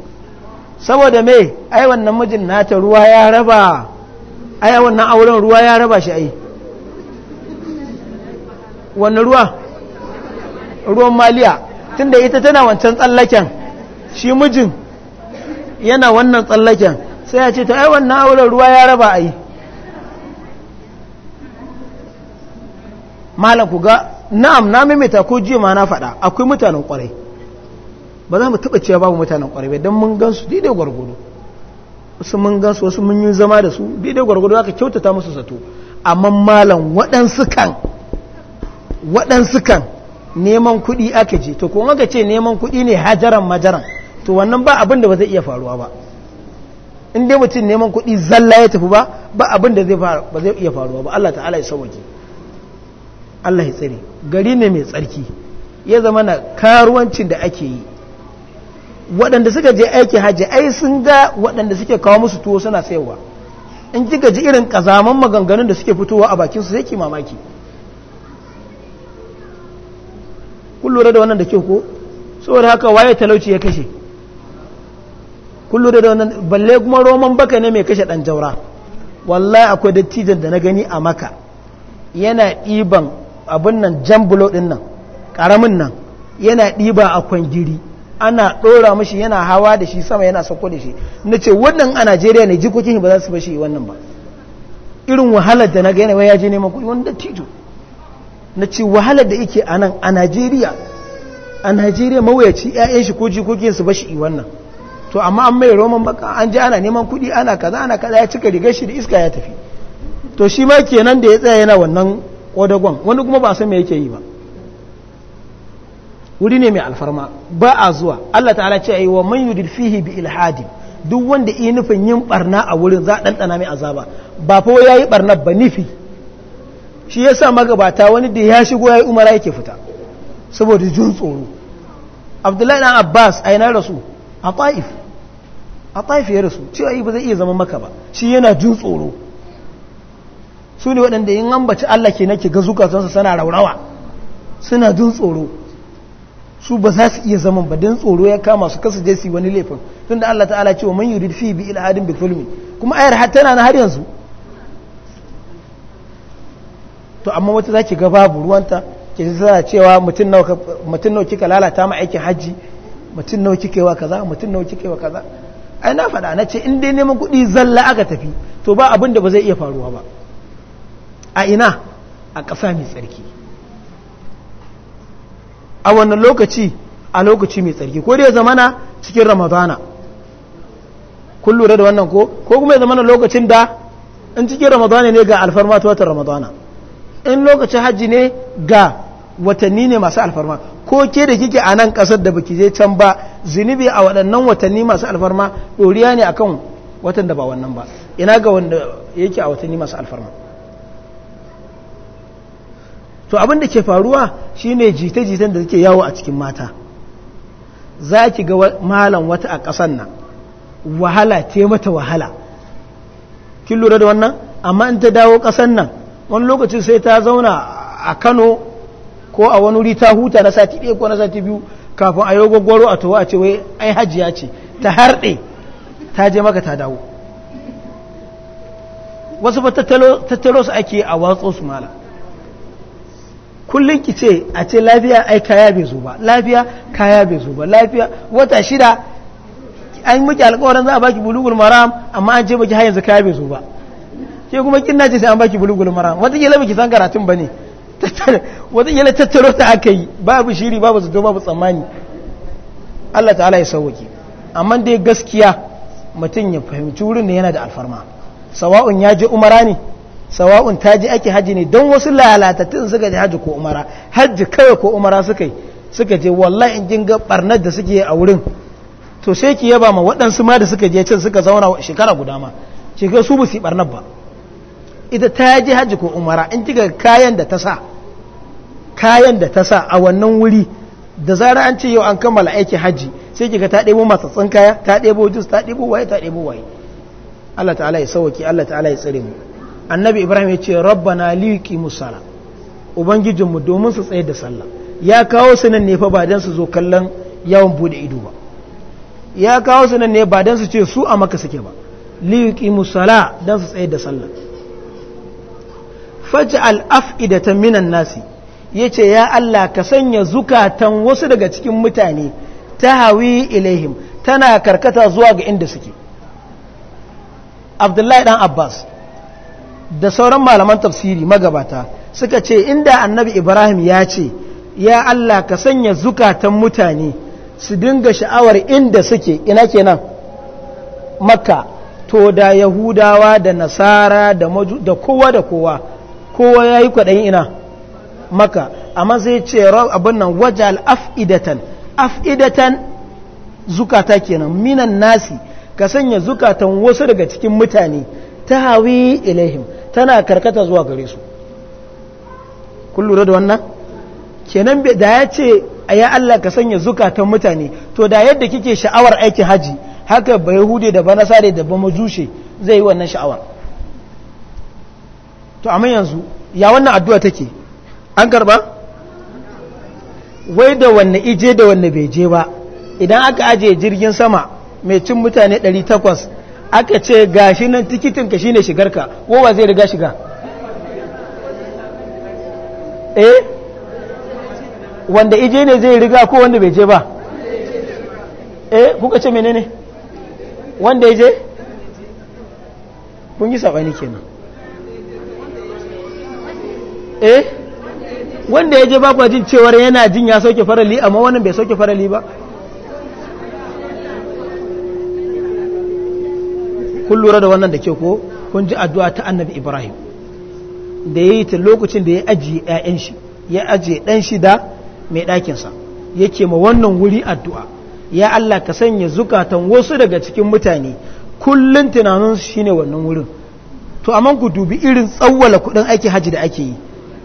saboda mai ai wannan mijin nata ruwa ya raba aya wannan auren ruwa ya raba shi ai wannan ruwa ruwan maliya tunda ita tana wancan tsallaken shi mijin yana wannan tsallaken sai ya ce ta ai wannan auren ruwa ya raba ai malam ku ga na'am na maimaita ko ji ma na faɗa akwai mutanen kwarai ba za mu taɓa cewa babu mutanen kwarai ba don mun gan su daidai gwargwado wasu mun gansu wasu mun yi zama da su daidai gwargwado aka kyautata musu zato amma malam waɗansu kan waɗansu kan neman kuɗi aka je to kuma aka ce neman kuɗi ne hajaran majaran to wannan ba abin da ba zai iya faruwa ba in dai mutum neman kuɗi zalla ya tafi ba ba abin da ba zai iya faruwa ba Allah ta'ala ya sauwaki Allah ya tsare gari ne mai tsarki ya zama na karuwancin da ake yi waɗanda suka je aiki hajji ai sun ga waɗanda suke kawo musu tuwo suna sayarwa in kika gaji irin ƙazaman maganganun da suke fitowa a bakin su sai ki mamaki kun lura da wannan da ke ko saboda haka waye talauci ya kashe kun lura da wannan balle kuma roman baka ne mai kashe dan jaura wallahi akwai dattijan da na gani a maka yana ɗiban abin nan jan bulo ɗin nan ƙaramin nan yana ɗiba a kwangiri ana ɗora mashi yana hawa da shi sama yana sauko da shi na ce wannan a najeriya ne jikokin ba za su bashi wannan ba irin wahalar da na gane yanayi ya je neman kuɗi wani dattijo na ce wahalar da yake a nan a najeriya a najeriya mawuyaci 'ya'yan shi ko jikokin su bashi wannan to amma an mai roman baka an je ana neman kuɗi ana kaza ana kaza ya cika rigar shi da iska ya tafi to shi ma kenan da ya tsaya yana wannan kodagon wani kuma ba san me yake yi ba wuri ne mai alfarma ba a zuwa Allah ta'ala ce yi wa man yudil fihi bi ilhadi duk wanda yi nufin yin barna a wurin za ɗanɗana dana mai azaba ba fa ya yi barna ba nufi shi ya sa magabata wani da ya shigo yi umara yake fita saboda jin tsoro Abdullahi dan Abbas rasu a Taif a Taif ya rasu cewa ba zai iya zama maka ba shi yana jin tsoro su ne waɗanda in ambaci Allah ke nake ga zukatansa sana raurawa suna jin tsoro su ba za su iya zaman ba don tsoro ya kama su kasa jesi wani laifin tun da Allah ta'ala cewa man yurid fi bi ilhadin bi zulmi kuma ayar har tana na har yanzu to amma wata zaki ga babu ruwanta ke tana cewa mutum nawa kika lalata ma aikin hajji mutum nawa yi wa kaza mutum nawa yi wa kaza ai na faɗa na ce in dai neman kuɗi zalla aka tafi to ba abin da ba zai iya faruwa ba a ina a ƙasa mai tsarki a wannan lokaci a lokaci mai tsarki ko dai zamana cikin ramadana kun lura da wannan ko ko kuma ya zamana lokacin da in cikin ramadana ne ga alfarma ta watan ramadana in lokacin hajji ne ga watanni ne masu alfarma ko ke da kike a nan kasar da baki je can ba zunubi a waɗannan watanni masu alfarma ɗoriya ne akan watan da ba wannan ba ina ga wanda yake a watanni masu alfarma to abin da ke faruwa shine jita-jitan da suke yawo a cikin mata za ki ga malam wata a ƙasan nan wahala te mata wahala kin lura da wannan amma in ta dawo ƙasan nan wani lokacin sai ta zauna a kano ko a wani wuri ta huta na sati ɗaya ko na sati biyu kafin a yi gwaggwaro a towa a ce wai ai hajiya ce ta harɗe ta je maka ta dawo wasu ba tattalo su ake a watsa su malam kullum ki ce a ce lafiya ai kaya bai zo ba lafiya kaya bai zo ba lafiya wata shida an muke alkawarin za a baki bulugul maram amma an ce baki har yanzu kaya bai zo ba ke kuma kin na ce sai an baki bulugul maram wata kila baki san karatun bane [LAUGHS] wata kila tattaro ta aka yi babu shiri babu zato babu tsammani Allah ta'ala ya sauwake amma dai gaskiya mutum ya fahimci wurin da yana da alfarma sawa'un ya je umara ne sawa'un ta ji ake haji ne don wasu lalatattun suka je haji ko umara haji kawai ko umara suka yi suka je wallahi in jin ga barnar da suke a wurin to sai ki yaba ma waɗansu ma da suka je can suka zauna shekara guda ma shekara su busi barnar ba ita ta ji haji ko umara in kika kayan da ta sa kayan da ta sa a wannan wuri da zara an ce yau an kammala aikin haji sai kika ta ɗebo matsatsin kaya ta ɗebo jus ta ɗebo waye ta ɗebo waye Allah ta'ala ya sauwaki Allah ta'ala ya tsare mu annabi ibrahim ya ce rabba na liƙi musala ubangijinmu domin su tsaye da sallah ya kawo su nan nefa fa ba don su zo kallon yawon bude ido ba ya kawo su nan ne ba don su ce su a maka suke ba liƙi musala don su tsaye da sallah faj'al af'idatan minan nasi ya ce ya Allah ka sanya zukatan wasu daga cikin mutane ta hawi ilaihim tana karkata zuwa ga inda suke Abdullahi dan Abbas da sauran malaman tafsiri magabata suka ce inda annabi ibrahim ya ce ya Allah ka sanya zukatan mutane su dinga sha'awar inda suke ina kenan makka to da yahudawa da nasara da da kowa da kowa kowa ya yi kwaɗayin ina maka amma zai ce abin nan wajal af'idatan af'idatan zukata kenan minan nasi ka sanya zukatan wasu daga cikin mutane ta hawi ilahim tana karkata zuwa gare su kun lura da wannan kenan da ya ce a ya Allah ka sanya zukatan mutane to da yadda kike sha'awar aikin haji haka ba hude da ba nasare da ba majushe zai yi wannan sha'awar to amma yanzu ya wannan addu'a take an karba wai da wanne ije da wanne bai je ba idan aka aje jirgin sama mai cin mutane 800 aka ce gashi nan tikitin ka shine shigarka kowa zai riga shiga eh wanda ije ne zai riga ko wanda bai je ba eh kuka ce ne wanda ije kun yi sabani kenan eh wanda ya je kwa jin cewar yana jin ya sauke farali amma wannan bai sauke farali ba kun lura da wannan da ke ko kun ji addu'a ta annabi ibrahim da ya yi ta lokacin da ya ajiye 'ya'yan shi ya ajiye dan shi da mai ɗakinsa ke ma wannan wuri addu'a ya Allah ka sanya zukatan wasu daga cikin mutane kullum tunanin shi ne wannan wurin to amma ku dubi irin tsawwala kuɗin aiki hajji da ake yi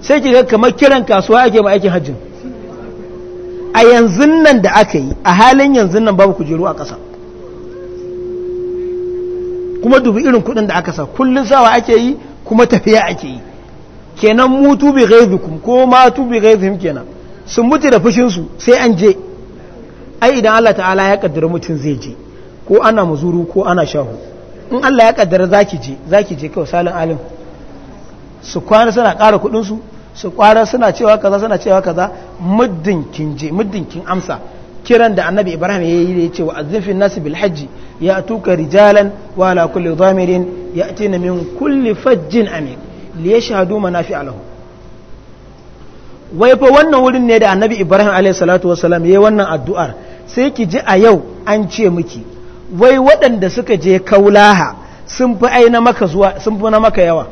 sai ki ga kamar kiran kasuwa ake ma aikin hajjin a yanzu nan da aka yi a halin yanzu nan babu kujeru a ƙasa kuma dubi irin kuɗin da aka sa kullun sawa ake yi kuma tafiya ake yi kenan mutu bi ghaizikum ko matu bi ghaizihim kenan sun mutu da fushin su sai an je ai idan Allah ta'ala ya kaddara mutum zai je ko ana muzuru ko ana shahu in Allah ya kaddara zaki je zaki je kai salin alim su kwana suna ƙara kuɗin su su kwara suna cewa kaza suna cewa kaza muddin kin je muddin kin amsa kiran da annabi ibrahim ya yi da ya ce wa azzinfin nasu ya tuka rijalan wa ala kulli zamirin ya na min kulli fajjin amin li na fi alahu wai fa wannan wurin ne da annabi ibrahim alayhi salatu ya yi wannan addu'ar sai ki ji a yau an ce miki wai waɗanda suka je kaulaha sun fi aina maka zuwa sun fi na maka yawa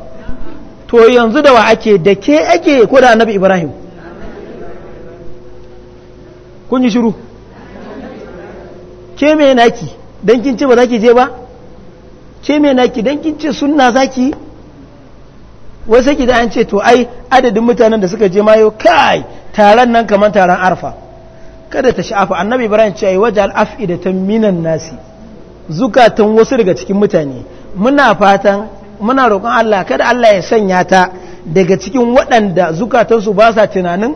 to yanzu da wa ake da ke ake ko da annabi ibrahim kun yi shiru ke mai naki don ba za ki je ba ke mai naki don ce sunna za ki wai sai ki da an ce to ai adadin mutanen da suka je mayo kai taron nan kamar taron arfa kada ta sha'afa annabi ibrahim ce ai wajal ta minan nasi zukatan wasu daga cikin mutane muna fatan muna roƙon Allah kada Allah ya sanya ta daga cikin waɗanda zukatansu ba sa tunanin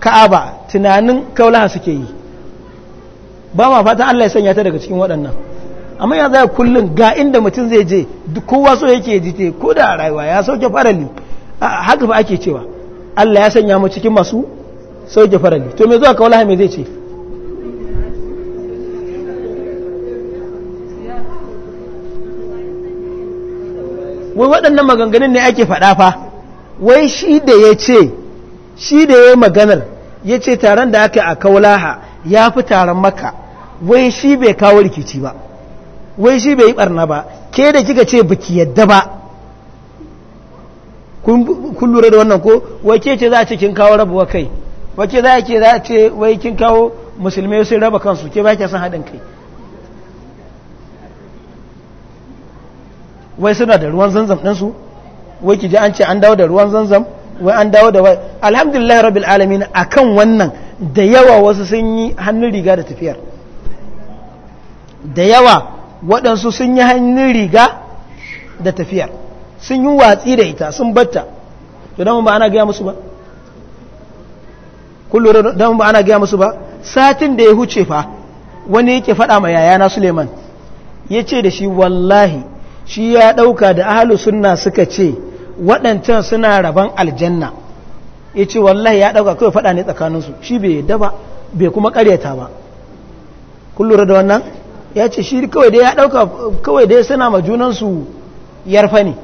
ka'aba tunanin kaulaha suke yi ba ma fata Allah ya sanya ta daga cikin waɗannan amma ya zai kullum ga inda mutum zai je duk kowa so yake ji ko da rayuwa ya sauke farali haka fa ake cewa Allah ya sanya mu cikin masu sauke farali to me zuwa kawala me zai ce wai waɗannan maganganun ne ake faɗa fa wai shi da ya ce shi da ya yi maganar ya ce taron da aka a kaulaha ya fi taron maka wai shi bai kawo rikici ba wai shi bai yi barna ba ke da kika ce biki yadda ba kun lura da wannan ko wai ke ce za a ce kin kawo rabuwa kai wai ke za a ce za a ce wai kin kawo musulmai sun raba kansu ke ba ke son haɗin kai wai suna da ruwan zanzam ɗinsu wai ki ji an ce an dawo da ruwan zanzam wai an dawo da wai alhamdulillah rabbil alamin akan wannan da yawa wasu sun yi hannun riga da tafiyar da yawa waɗansu sun yi hannun riga da tafiyar sun yi watsi da ita sun batta to don ba ana gaya musu ba satin da ya huce fa wani yake faɗa ma yayana suleiman ya ce da shi wallahi shi ya ɗauka da ahalu sunna suka ce waɗancan suna rabon aljanna ya ce wallahi ya ɗauka kawai faɗa ne tsakaninsu shi bai yadda ba bai kuma karyata ba kullum da wannan ya ce shi kawai da ya ɗauka kawai da ya sana ma junansu yarfa ne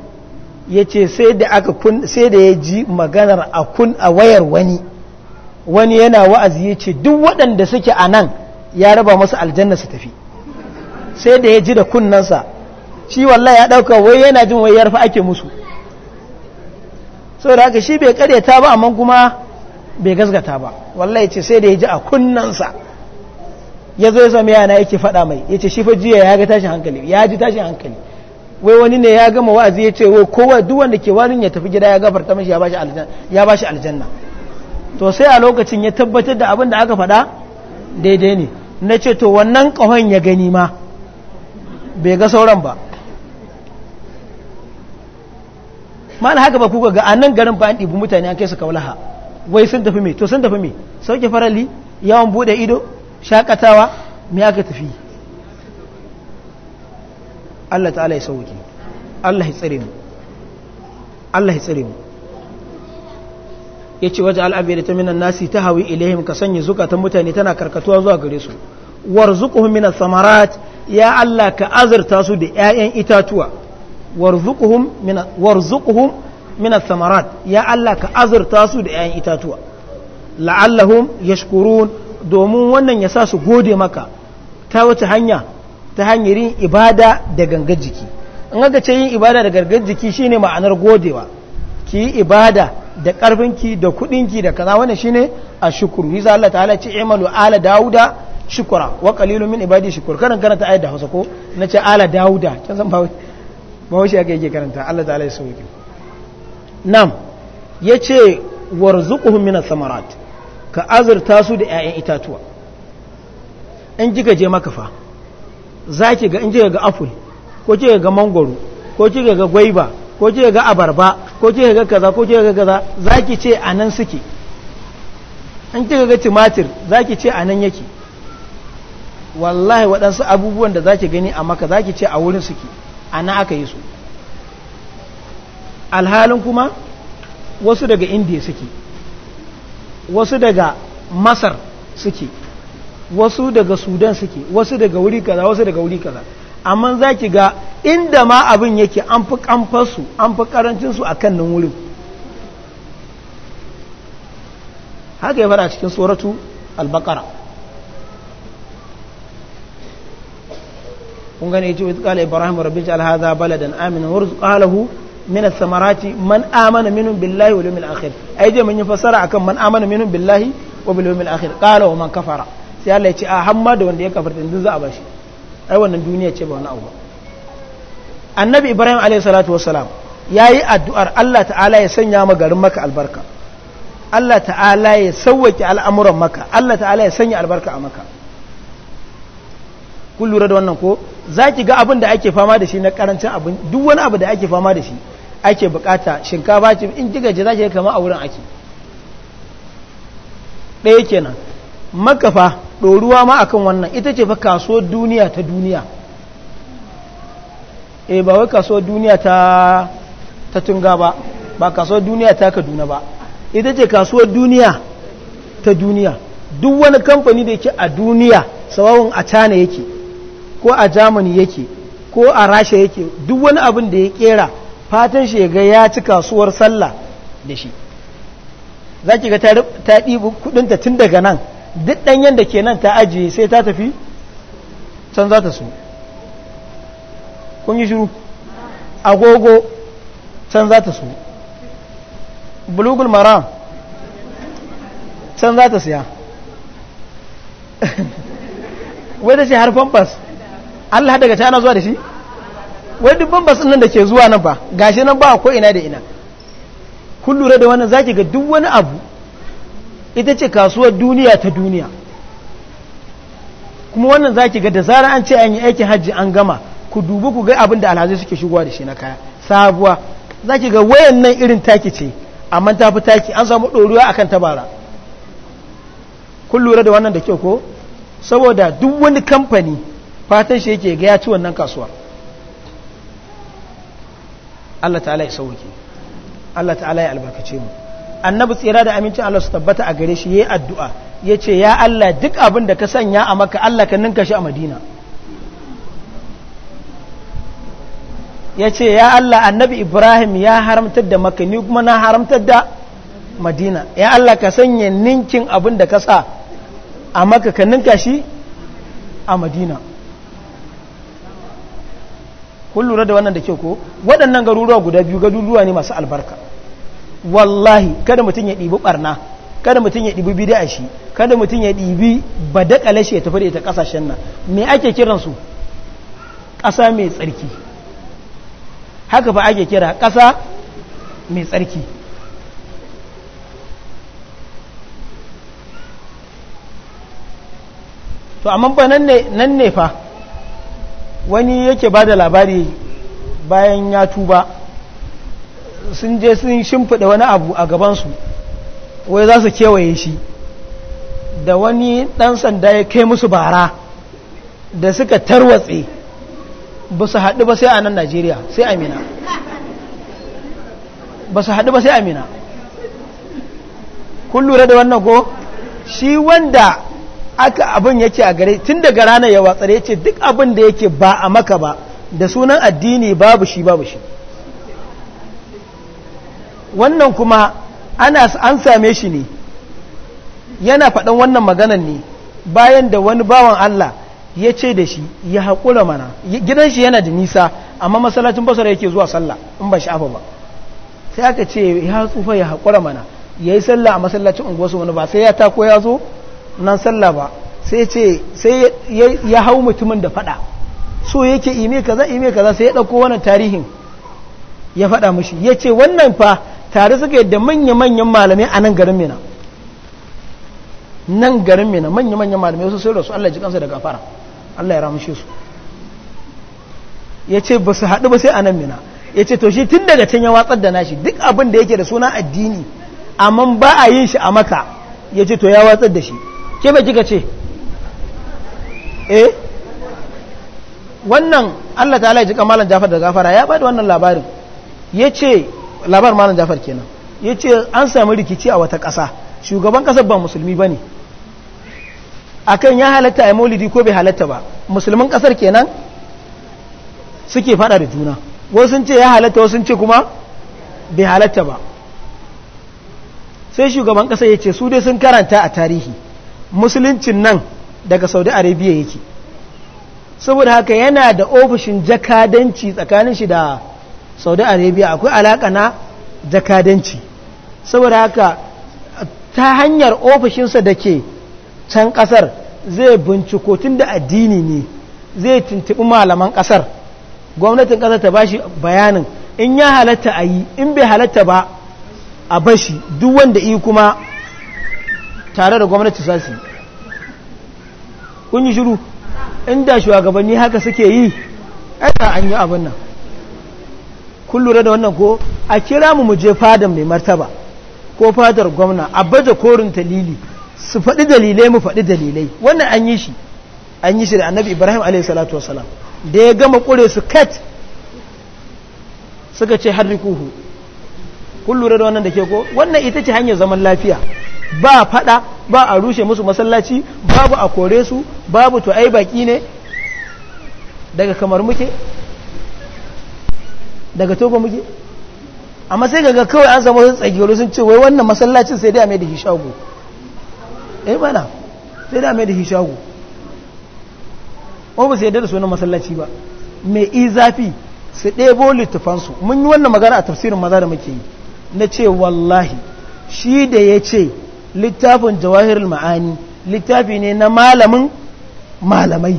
ya ce sai da aka ya ji maganar a kun a wayar wani wani yana wa'azi ya ce duk waɗanda suke a nan ya raba masu aljanna su tafi sai da ya ji da kunnansa shi wallah ya ɗauka wai yana jin wai yarfa ake musu sau da haka shi bai ta ba amma kuma bai gasgata ba wallahi ce sai da ya ji a kunnansa ya zo ya sami yana yake faɗa mai ya ce shi fa jiya ya ga tashi hankali ya ji tashi hankali wai wani ne ya gama wa'azi ya ce wa kowa duk wanda ke warin ya tafi gida ya gafarta mashi ya bashi aljanna to sai a lokacin ya tabbatar da abin da aka faɗa daidai ne na ce to wannan ƙahon ya gani ma bai ga sauran ba mal haka ba kuka ga nan garin ba an ɗibi mutane an kai su kaulaha wai sun tafi me to sun tafi me sauke farali yawon buɗe ido shakatawa me aka tafi Allah ta'ala ya sauke Allah ya tsare Allah ya tsare mu yace waje al'abiyar ta minan nasi ta hawi ilaihim ka sanya ta mutane tana karkatuwa zuwa gare su warzuquhum minas samarat ya Allah ka azurta su da 'ya'yan itatuwa warzuquhum minas warzuquhum samarat ya Allah ka azurta su da 'ya'yan itatuwa la'allahum yashkurun domin wannan ya sa su gode maka ta wata hanya ta hanyar yin ibada da gangar jiki in aka ce yin ibada da gangar jiki shine ma'anar godewa ki yi ibada da karfinki da kudinki da kaza shi ne a shukuru za Allah ta'ala ce imanu ala Dawuda shukura wa kalilu min ibadi shukur karan karanta ayat da Hausa ko na ce ala Dawuda kin san ba ba ya kai karanta Allah ta'ala ya sauke nam yace warzuquhum min samarat ka azurta su da 'ya'yan itatuwa in kika je makafa za ki ga in ji ga apple ko kika ga mangoro ko kika ga gwaiba ko kika ga abarba ko kika ga kaza ko kika ga kaza za ki ce a nan suke in ji ga tumatir za ki ce a nan yake wallahi waɗansu abubuwan da za ki gani a maka za ki ce a wurin suke a nan aka yi su alhalin kuma wasu daga indiya suke wasu daga masar suke wasu daga sudan suke wasu daga wuri kaza wasu daga wuri kaza amma za ki ga inda ma abin yake an fi kamfarsu an fi karancinsu a kan nan wurin haka ya fara cikin tsoratu albakara kun gane ya ce wata kala ibrahim rabin shi alhaza baladan aminin wurin alahu من samarati man آمن minhum billahi واليوم yawmil akhir ai من يفسر yi من akan man بالله وباليوم billahi wa ومن كفر akhir qala wa man kafara sai Allah ya a hamma da wanda ya kafarta din za a bashi ai wannan duniya ce ba wani abu ba annabi ibrahim alayhi salatu wassalam yayi addu'ar Allah ta'ala ya sanya ma garin maka albarka Allah ta'ala ya al'amuran maka Allah ta'ala ya sanya albarka a maka kun lura da wannan ko za ki ga abin da ake fama da shi na karancin abin duk wani abu da ake fama da shi ake bukata shinkafa ce in kika ji zaki kama a wurin ake ɗaya kenan makafa ɗoruwa ma akan wannan ita ce fa kaso duniya ta duniya e ba wai kaso duniya ta ta tunga ba ba kaso duniya ta kaduna ba ita ce kasuwar duniya ta duniya duk wani kamfani da yake a duniya sababin a china yake ko a germany yake ko a rasha yake duk wani abin da ya kera fatan shi ga ya ci kasuwar sallah da shi za ki ga ta ɗibu kudinta tun daga nan duk ɗanyen da ke nan ta ajiye sai ta tafi can za ta su. kun yi shiru agogo can za ta su bulugul mara can za ta siya [LAUGHS] wadda shi harfan bas allah daga cana zuwa da shi wai dubban bas nan da ke zuwa nan ba gashi nan ba ko ina da ina kun lura da wannan zaki ga duk wani abu ita ce kasuwar duniya ta duniya kuma wannan zaki ga da zara an ce an yi aikin hajji an gama ku dubi ku ga abin da alhazi suke shigowa da shi na kaya sabuwa zaki ga wayan nan irin taki ce amma ta fi taki an samu ɗoruwa akan tabara kun lura da wannan da kyau ko saboda duk wani kamfani fatan shi yake ga ya ci wannan kasuwar. Allah ta'ala ya sauke Allah ta'ala ya albarkace mu annabi tsira da amincin Allah su tabbata a gare shi yayi addu'a yace ya Allah duk abin da ka sanya a maka Allah ka ninka shi a Madina yace ya Allah annabi Ibrahim ya haramtar da maka ni kuma na haramtar da Madina ya Allah ka sanya ninkin abin da ka sa a maka ka ninka shi a Madina kun lura da wannan da ke ko waɗannan garuruwa guda biyu garuruwa ne masu albarka wallahi kada mutum ya ɗibi ɓarna kada mutum ya ɗibi bida shi kada mutum ya ɗibi ba da lashe ya tafi da ita ƙasashen nan me ake kiransu ƙasa mai tsarki haka fa ake kira ƙasa mai tsarki to amma ba nan ne fa wani yake ba da labari bayan ya tuba sun je sun shimfiɗa wani abu a gabansu wai za su kewaye shi da wani ɗan sanda ya kai musu bara da suka tarwatse ba su haɗu ba sai a nan najeriya sai amina ba su haɗu ba sai amina kun lura da wannan ko shi wanda aka abin yake a gare tun daga ranar ya watsare yace ce duk abin da yake ba a maka ba da sunan addini babu shi babu shi wannan kuma ana an same shi ne yana faɗan wannan maganan ne bayan da wani bawan Allah ya ce da shi ya haƙura mana gidan shi yana da nisa amma masallacin basara yake zuwa sallah in ba shafa ba sai aka ce ya tsufa ya haƙura mana ya yi sallah a masallacin unguwarsu wani ba sai ya tako ya zo nan sallah ba sai ce sai ya hau mutumin da fada so yake ime kaza ime kaza sai ya dauko wannan tarihin ya fada mushi ya ce wannan fa tare suka yadda manya-manyan malamai a nan garin mina nan garin mina manya-manyan malamai wasu sai rasu Allah ji kansa da gafara Allah ya ramshe su ya ce ba su haɗu ba sai a nan mina ya ce to shi tun daga can ya watsar da nashi duk abin da yake da suna addini amma ba a yin shi a maka ya ce to ya watsar da shi ke bai kika ce eh wannan Allah ta'ala ya ji malam Jafar da gafara ya bada wannan labarin ya ce labar malam Jafar kenan ya ce an sami rikici a wata ƙasa shugaban ƙasar ba musulmi a kan ya halatta a maulidi ko bai halatta ba musulmin ƙasar kenan suke fada da juna wasu sun ce ya halatta wasu sun ce kuma bai halatta ba sai shugaban ƙasa ce su dai sun karanta a tarihi musuluncin nan daga saudi arabia yake saboda haka yana da ofishin jakadanci tsakanin shi da saudi arabia akwai alaƙa na jakadanci saboda haka ta hanyar ofishinsa da ke can ƙasar zai binciko tun da addini ne zai tuntuɓi malaman ƙasar gwamnatin ƙasar ta ba shi bayanin in ya halatta a yi in bai halatta ba a bashi duk wanda yi kuma tare da gwamnati za su kun yi shiru inda shugabanni haka suke yi aika an yi abin nan kun lura da wannan ko a kira mu mu je fadar mai martaba ko fadar gwamna a baje korin talili su faɗi dalilai mu faɗi dalilai wannan an yi shi an yi shi da annabi ibrahim alaihi da ya gama ƙure su kat suka ce harrikuhu kun lura da wannan da ke ko wannan ita ce hanyar zaman lafiya ba fada ba a rushe musu masallaci babu a kore su babu to ai baki ne daga kamar muke daga togo muke amma sai ga kawai an samu sun tsagiyar sun ce wai wannan masallacin sai dai a mai da hishagu eh bana sai dai a mai da hishagu o ba sai da sunan masallaci ba mai izafi su ɗebo littafansu mun yi wannan magana a tafsirin maza da muke yi na ce wallahi shi da ya ce littafin jawahirul ma'ani littafi ne na malamin malamai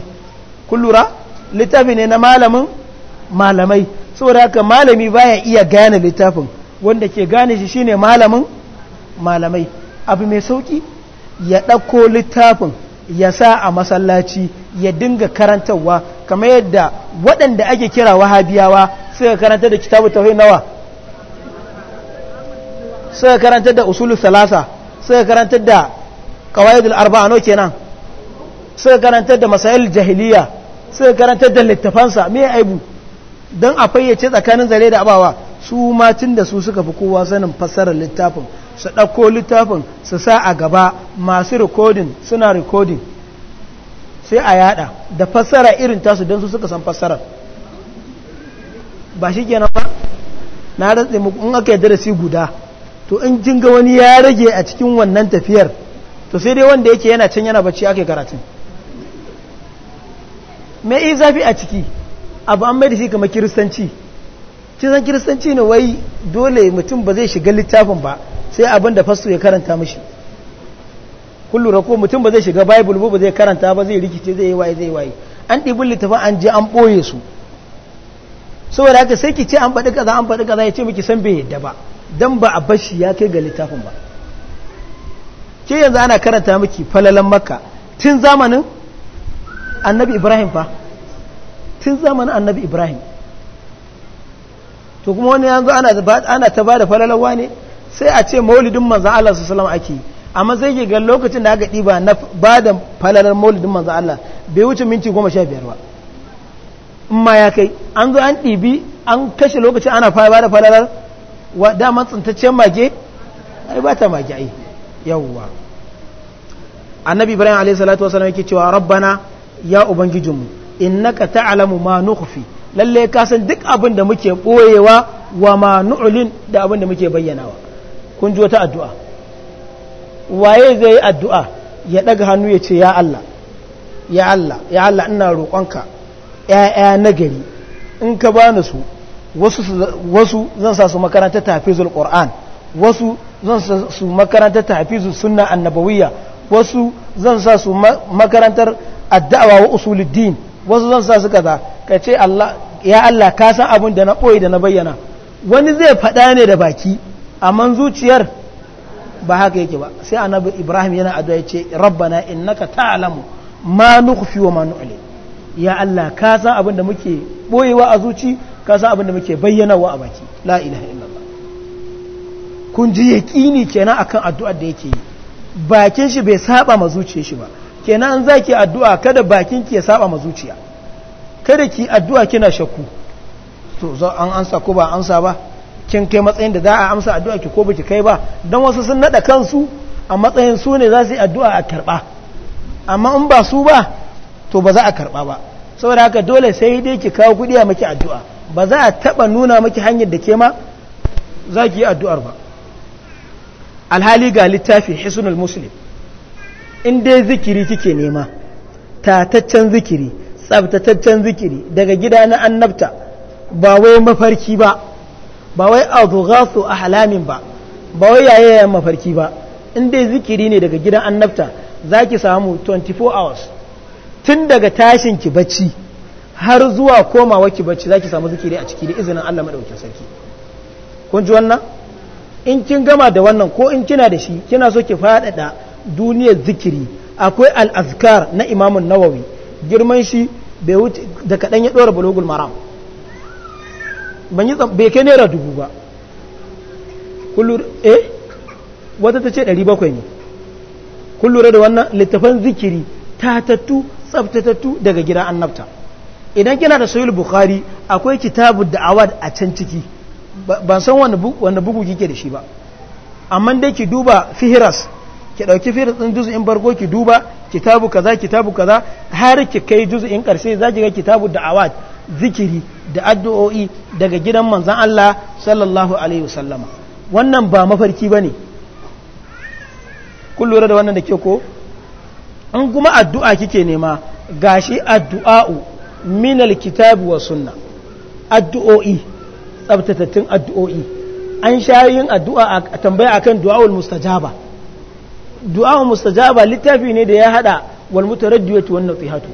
kullura littafi ne na malamin malamai saboda haka malami baya iya gane littafin wanda ke gane shi shine malamin malamai abu mai sauki ya ɗauko littafin ya sa a masallaci ya dinga karantarwa kamar yadda waɗanda ake kira wahabiyawa suka karanta da kitabu tauhid nawa suka karanta da usulu salasa suka karantar da kawa'idul arba'a no kenan suka karantar da masail jahiliya suka karantar da littafansa me aibu dan a fayyace tsakanin zare da abawa su ma da su suka fi kowa sanin fassarar littafin su dauko littafin su sa a gaba masu rikodin suna rikodin sai a yada da fassara irin tasu dan su suka san fassarar ba shi kenan ba na ratse mu in aka yi darasi guda to in kin ga wani ya rage a cikin wannan tafiyar to sai dai wanda yake yana can yana bacci ake karatun me yi zafi a ciki abu an mai da shi kamar kiristanci cizon kiristanci ne wai dole mutum ba zai shiga littafin ba sai abin da fasto ya karanta mashi kullum rako mutum ba zai shiga bible ba zai karanta ba zai rikice zai yi waye zai waye an ɗibin littafin an je an ɓoye su saboda haka sai ki ce an faɗi kaza an faɗi kaza ya ce miki san bai yadda ba don ba a bashi ya kai ga littafin ba ke yanzu ana karanta miki falalan makka tun zamanin annabi ibrahim fa tun zamanin annabi ibrahim to kuma wani yanzu ana ta ba da falalawa ne sai a ce maulidin manzan Allah su salama ake amma zai ke ga lokacin da aka ɗiba na ba da falalar maulidin manza Allah bai wuce minti goma sha biyar ba in ma ya kai an zo an ɗibi an kashe lokacin ana ba da falalar wa daman tsintaccen mage yi ba ta mage ai yawwa annabi ibrahim alayhi salatu wasallam yake cewa rabbana ya ubangijinmu innaka ta'lamu ma nukhfi lalle ka san duk abin da muke boyewa wa ma nu'lin da abin da muke bayyanawa kun ji wata addu'a waye zai yi addu'a ya daga hannu ya ce ya Allah ya Allah ya Allah ina roƙonka ƴaƴa nagari in ka bani su wasu zan sa su makaranta ta hafizul ƙor'an wasu zan sa su makaranta ta hafizul sunna annabawiyya wasu zan sa su makarantar addawa wa usuluddin wasu zan sa su kaza ka ce ya Allah ka san abin da na ɓoye da na bayyana wani zai faɗa ne da baki amma zuciyar ba haka yake ba sai annabi ibrahim yana addu'a ya ce rabbana innaka ta'lamu ma nukhfi wa ma nu'lin ya Allah ka san abin da muke ɓoyewa a zuci ka san abin da muke bayyanawa a baki la ilaha illallah kun ji yaqini kenan akan addu'ar da yake yi bakin shi bai saba ma zuciyar shi ba kenan an zaki addu'a kada bakin ki ya saba ma zuciya kada ki addu'a kina shakku to zo an ansa ko ba ansa ba kin kai matsayin da za a amsa addu'a ki ko baki kai ba dan wasu sun nada kansu a matsayin su ne za su yi addu'a a karba amma in ba su ba to ba za a karba ba saboda haka dole sai dai ki kawo kudi a miki addu'a ba za a taɓa nuna maki hanyar da ke ma za ki yi addu'ar ba alhali ga littafi hisunul muslim in dai zikiri kike nema tataccen zikiri tsabtataccen zikiri daga gida na annabta ba wai mafarki ba ba wai a halamin ba ba wai yayayen mafarki ba in dai zikiri ne daga gidan annabta zaki samu 24 hours tun daga tashin ki bacci har zuwa komawa ki bacci za ki samu zikiri a ciki da izinin Allah madaukakin sarki kun ji wannan in kin gama da wannan ko in kina da shi kina so ki faɗaɗa duniyar zikiri akwai al-azkar na imamun nawawi girman shi bai wuce da kaɗan ya ɗora bulugul maram bai kai naira dubu ba eh wata ta ce ɗari bakwai ne kullum da wannan littafan zikiri ta tatattu tsaftatattu daga gida annabta idan kina da sahih bukhari akwai kitabu da'awat a can ciki ban san wanda bugu kike da shi ba amma dai ki duba fihiras ki dauki fihiras din juz'in barko ki duba kitabu kaza kitabu kaza har ki kai juz'in karshe za ki ga kitabu da'awat zikiri da addu'o'i daga gidan manzon Allah sallallahu alaihi wasallama wannan ba mafarki bane ne lura da wannan da ke ko an kuma addu'a kike nema gashi addu'a'u min alkitabi wa sunna addu'o'i tsabtatattun addu'o'i an sha yin addu'a a tambaya akan du'a'ul mustajaba du'a'ul mustajaba littafi ne da ya hada wal mutaraddiyatu wan nasihatu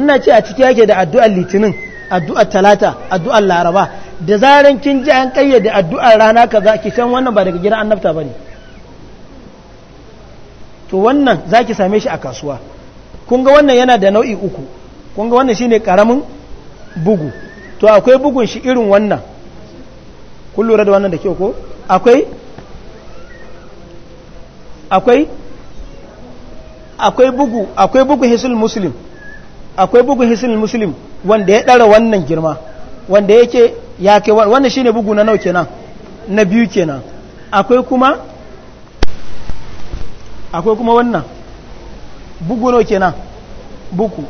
ina ce a ciki yake da addu'ar litinin addu'ar talata addu'ar laraba da zaran kin ji an kayyade addu'ar rana kaza ki san wannan ba daga gidan annabta bane to wannan zaki same shi a kasuwa kun ga wannan yana da nau'i uku kunga ga wannan shine karamin bugu to akwai bugun shi irin wannan kun lura da wannan da kyau ko akwai akwai akwai bugu akwai bugu hisul muslim akwai bugu hisul muslim wanda ya dara wannan girma wanda yake ya kai wannan shine bugu na nau kenan na biyu kenan akwai kuma akwai kuma wannan bugu nau kenan buku.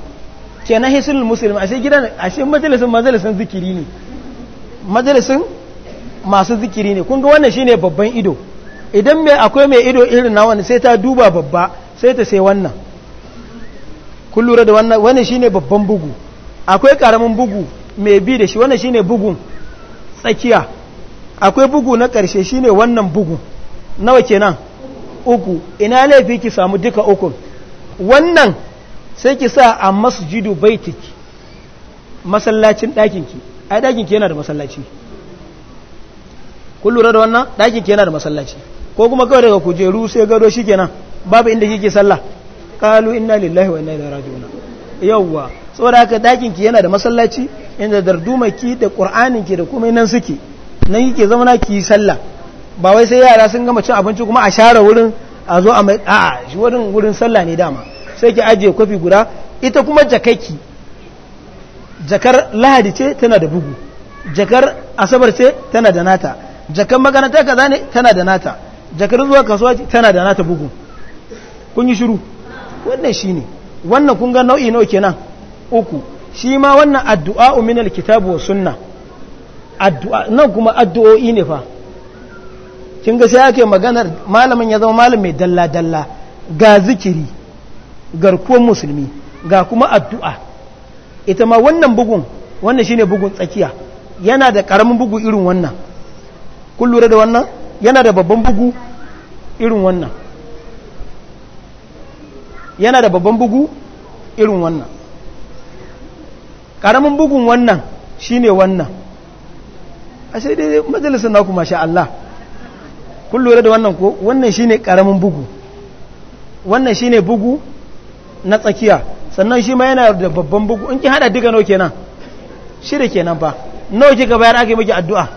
kenan hisul muslim ashe gidan ashe majalisun majalisun zikiri ne majalisun masu zikiri ne kun ga wannan shine babban ido idan mai akwai mai ido irin na wani sai ta duba babba sai ta sai wannan kun lura da wannan wannan shine babban bugu akwai karamin bugu mai bi da shi wannan shine bugun tsakiya akwai bugu na karshe shine wannan bugu nawa kenan uku ina laifi ki samu duka uku wannan sai ki sa a masjidu baitik masallacin ɗakinki ai ɗakinki yana da masallaci kun lura da wannan ɗakinki yana da masallaci ko kuma kawai daga kujeru sai gado shi kenan babu inda kike sallah kalu inna lillahi wa inna ilaihi raji'un yawwa saboda haka ɗakinki yana da masallaci inda dardumaki da qur'aninki da kuma nan suke nan kike zama ki sallah ba wai sai yara sun gama cin abinci kuma a share wurin a zo a mai a'a shi wurin wurin sallah ne dama sai ki ajiye kwafi guda ita kuma jakaki jakar lahadi ce tana da bugu jakar asabar ce tana da nata jakar makaranta kaza ne tana da nata jakar zuwa kasuwa tana da nata bugu kun yi shiru wannan shi ne wannan kun nau'i nau'i nawa kenan uku shi ma wannan addu'a min alkitabu wa sunna addu'a nan kuma addu'o'i ne fa kin ga sai ake maganar malamin ya zama malam mai dalla dalla ga zikiri garkuwar musulmi ga kuma addu'a ita ma wannan bugun wannan shine bugun tsakiya yana da ƙaramin bugu irin wannan kun lura da wannan yana da babban bugu irin wannan yana da babban bugu irin wannan ƙaramin bugun wannan shine wannan a sai dai majalisar naku masha Allah kun lura da wannan ko wannan shine ƙaramin bugu wannan shine bugu na tsakiya sannan shi ma yana da babban bugu in ki hada duka nau kenan shida kenan fa nawa kika bayar aka yi miki addu'a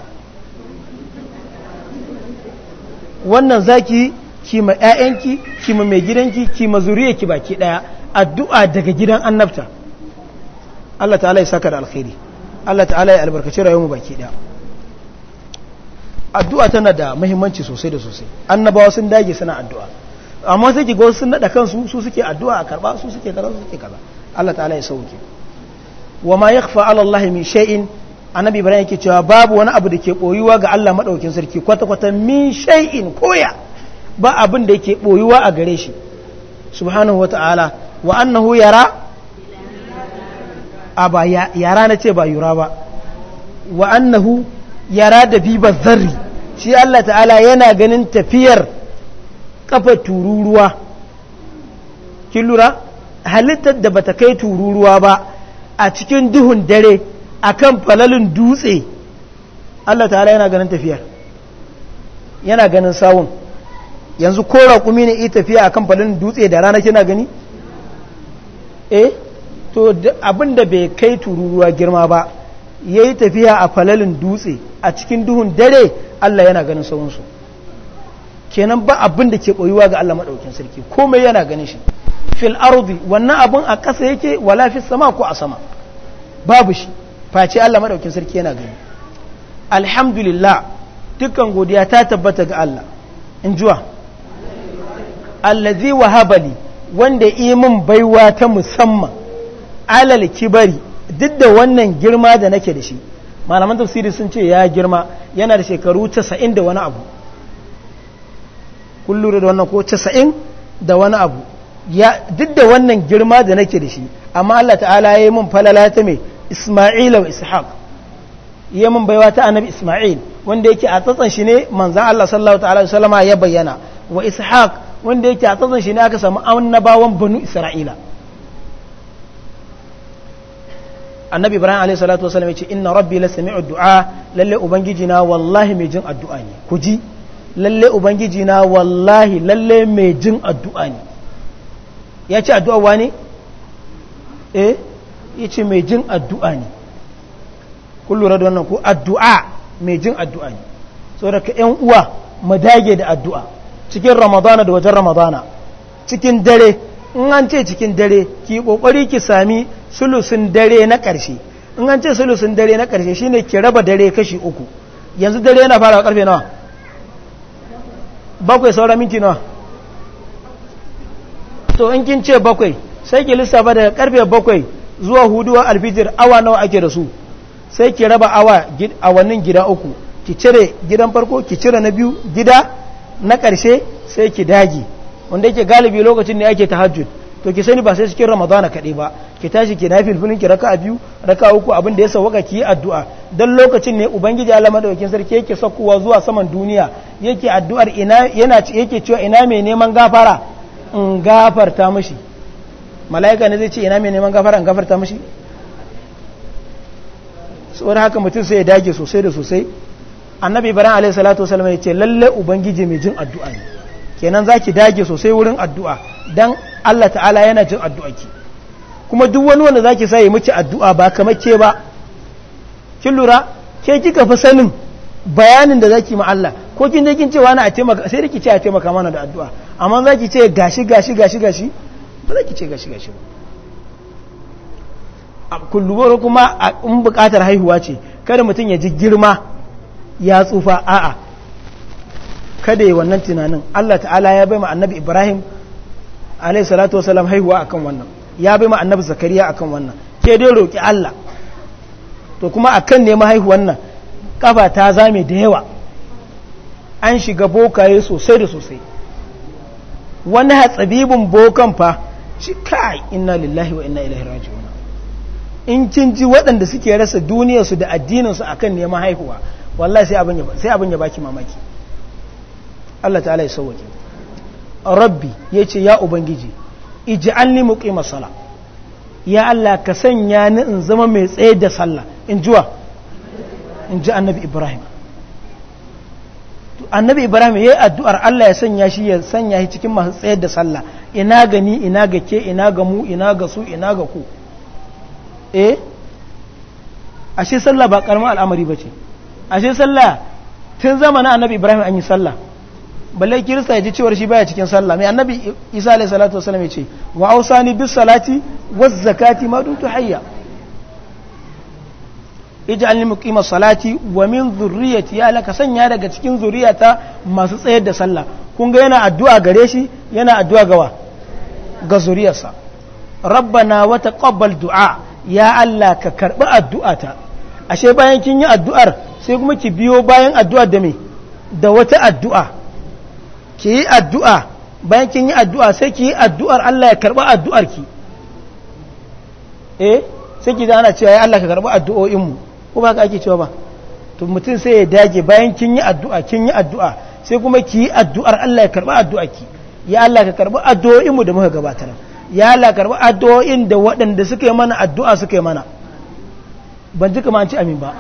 wannan zaki ki ma ƴaƴanki ki ma mai gidanki ki ma zuriyarki baki daya addu'a daga gidan annabta Allah ta'ala ya saka da alkhairi Allah ta'ala ya albarkaci rayuwarmu baki daya addu'a tana da muhimmanci sosai da sosai annabawa sun dage suna addu'a amma sai go sun nada kansu su suke addu'a a karba su suke karba su suke kaza Allah ta'ala ya sauke wa ma yakhfa 'ala Allah min shay'in annabi ibrahim yake cewa babu wani abu da ke boyuwa ga Allah madaukin sarki kwata kwata min shay'in koya ba abin da yake boyuwa a gare shi subhanahu wata'ala wa annahu yara aba yara na ce ba yura ba wa annahu yara da bi zarri shi Allah ta'ala yana ganin tafiyar kafa tururuwa kin lura halittar da bata kai tururuwa ba a cikin duhun dare akan falalin dutse Allah ta'ala yana ganin tafiyar yana ganin sawun yanzu ko raƙumi ne iya tafiya akan falalin dutse da rana kina gani eh to abin da bai kai tururuwa girma ba yayi tafiya a falalin dutse a cikin duhun dare Allah yana ganin sawunsu kenan ba abin da ke koyuwa ga Allah madaukakin sarki komai yana ganin shi fil ardi wannan abin a ƙasa yake wala fi sama ko a sama babu shi face Allah sarki yana gani alhamdulillah dukkan godiya ta tabbata ga Allah in juwa allazi wahabali wanda imin min baiwa ta musamman alal kibari duk da wannan girma da nake da shi malaman tafsiri sun ce ya girma yana da shekaru 90 da wani abu kun lura da wannan ko casa'in da wani abu duk da wannan girma da nake da shi amma Allah ta'ala ya yi min falala ta mai Isma'ila wa Ishaq ya min baiwa ta annabi Isma'il wanda yake a tsatsan shi ne manzan Allah sallallahu ta'ala wa sallama ya bayyana wa Ishaq wanda yake a tsatsan shi ne aka samu annabawan banu Isra'ila annabi Ibrahim alaihi salatu wasallam ya ce inna rabbi la sami'u du'a lalle ubangiji na wallahi mai jin addu'a ne ku ji lalle ubangiji na wallahi lalle mai jin addu'a ne ya ce addu'a wa ne? eh ya ce mai jin addu'a ne kun lura wannan ko addu'a mai jin addu'a ne so daga ‘yan uwa mu dage da addu'a cikin ramadana da wajen ramadana cikin dare in an ce cikin dare ki kokari ki sami sulusun dare na ƙarshe in an ce sulusun dare na karshe shine ki raba dare kashi uku yanzu dare yana fara karfe nawa bakwai saura minti nawa to in kin ce bakwai sai ki lissafa daga karfe bakwai zuwa huduwa alfijir awa nawa ake da su sai ki raba awa awannin gida uku ki cire gidan farko ki cire na biyu gida na karshe sai ki dagi wanda yake galibi lokacin ne ake tahajjud to ki sani ba sai cikin ramadana kaɗai ba ki tashi ki na filfilin ki raka biyu raka uku abin da ya sauka ki yi addu'a don lokacin ne ubangiji Allah madaukakin sarki yake sakkowa zuwa saman duniya yake addu'ar ina yana yake cewa ina mai neman gafara in gafarta mishi mala'ika ne zai ce ina mai neman gafara in gafarta mishi saboda haka mutum sai ya dage sosai da sosai annabi ibrahim alayhi salatu wasallam ya ce lalle ubangiji mai jin addu'a ne kenan za ki dage sosai wurin addu'a don Allah ta'ala yana jin addu'a ki kuma duk wani wanda za ki sa yi miki addu'a ba kamar ke ba kin lura ke kika fi sanin bayanin da za ki Allah ko kin je kin ce wani a taimaka sai da ki ce a taimaka mana da addu'a amma za ki ce gashi gashi gashi gashi ba za ki ce gashi gashi ba a kullubar kuma in bukatar haihuwa ce kada mutum ya ji girma ya tsufa a'a kada yi wannan tunanin Allah ta'ala ya bai ma annabi Ibrahim alayhi salatu wasalam haihuwa akan wannan ya bai ma annabi Zakariya akan wannan ke dai roki Allah to kuma akan ne mahaihuwan nan kafa ta zame da yawa an shiga bokaye sosai da sosai wani hatsabibin bokan fa ci kai inna lillahi wa inna ilaihi raji'un in kin ji waɗanda suke rasa duniyarsu da addininsu akan neman haihuwa wallahi sai abin ya baki mamaki Allah ta'ala ya sauwaje rabbi ya ce ya ubangiji iji ij'alni muqima sala ya Allah ka sanya ni in zama mai tsaye da sallah in jiwa in ji annabi ibrahim annabi ibrahim ya yi addu'ar Allah ya sanya shi ya sanya shi cikin masu tsaye da sallah ina ga ni ina ga ke ina ga mu ina ga su ina ga ku eh ashe sallah ba karamin al'amari ba ce ashe sallah tun zamanin annabi ibrahim an yi sallah balle kirista ya ji cewar shi baya cikin sallah mai annabi isa alaihi salatu wasallam ya ce wa ausani bis salati waz zakati ma dutu hayya ij'alni muqima salati wa min dhurriyyati ya laka sanya daga cikin zuriyata masu tsayar da sallah kun ga yana addu'a gare shi yana addu'a gawa ga zuriyarsa rabbana wata taqabbal du'a ya Allah ka karbi addu'ata ashe bayan kin yi addu'ar sai kuma ki biyo bayan addu'ar da me da wata addu'a ki yi addu'a bayan kin yi addu'a sai ki yi addu'ar Allah ya karɓa addu'ar ki eh sai ki zana cewa ya Allah ka karɓa addu’o’inmu mu ko ba ka ake cewa ba to mutum sai ya dage bayan kin yi addu'a kin yi addu'a sai kuma ki yi addu'ar Allah ya karɓa addu'ar ki ya Allah ka karɓa addu’o’inmu da muka gabatar ya Allah karɓa addu'o'in da waɗanda suka yi mana addu'a suka yi mana ban ji kamar an ci amin ba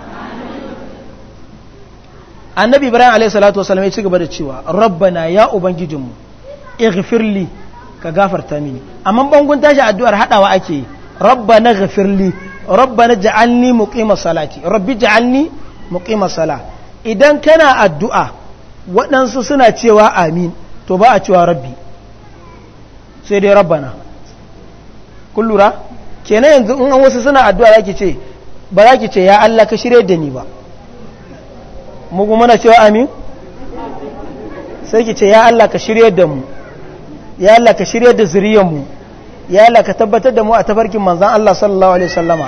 annabi ibrahim alayhi salatu wasallam ya ci gaba da cewa rabbana ya ubangijinmu ighfirli ka gafarta mini amma bangun tashi addu'ar hadawa ake rabbana ighfirli rabbana ja'alni muqima salati rabbi ja'alni muqima sala idan kana addu'a waɗansu suna cewa amin to ba a cewa rabbi sai dai rabbana kun lura kenan yanzu in an wasu suna addu'a zaki ce ba zaki ce ya Allah ka shirye da ni ba mu kuma cewa amin sai ki ce ya Allah ka shirye da mu ya Allah ka shirye da zuriyar mu ya Allah ka tabbatar da mu a tafarkin manzon Allah sallallahu alaihi wasallama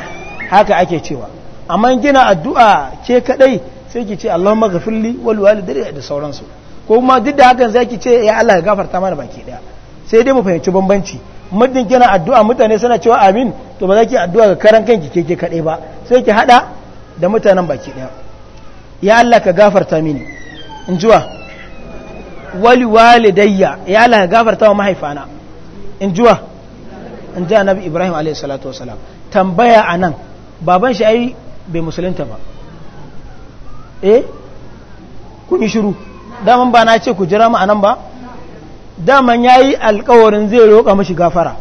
haka ake cewa amma gina addu'a ke kadai sai ki ce Allahumma ghafirli wal walidayya da sauransu ko kuma duk da hakan sai ce ya Allah ka gafarta mana baki daya sai dai mu fahimci bambanci muddin kina addu'a mutane suna cewa amin to ba za ki addu'a ga karan kanki ke ke kadai ba sai ki hada da mutanen baki daya ya Allah ka gafarta mini in jiwa wali walidayya ya Allah ka gafarta wa mahaifana in jiwa in ji annabi Ibrahim alaihi tambaya a tambaya anan baban shi ai bai musulunta ba eh kun yi shiru daman ba na ce ku jira ma anan ba daman yi alkawarin zai roƙa mashi gafara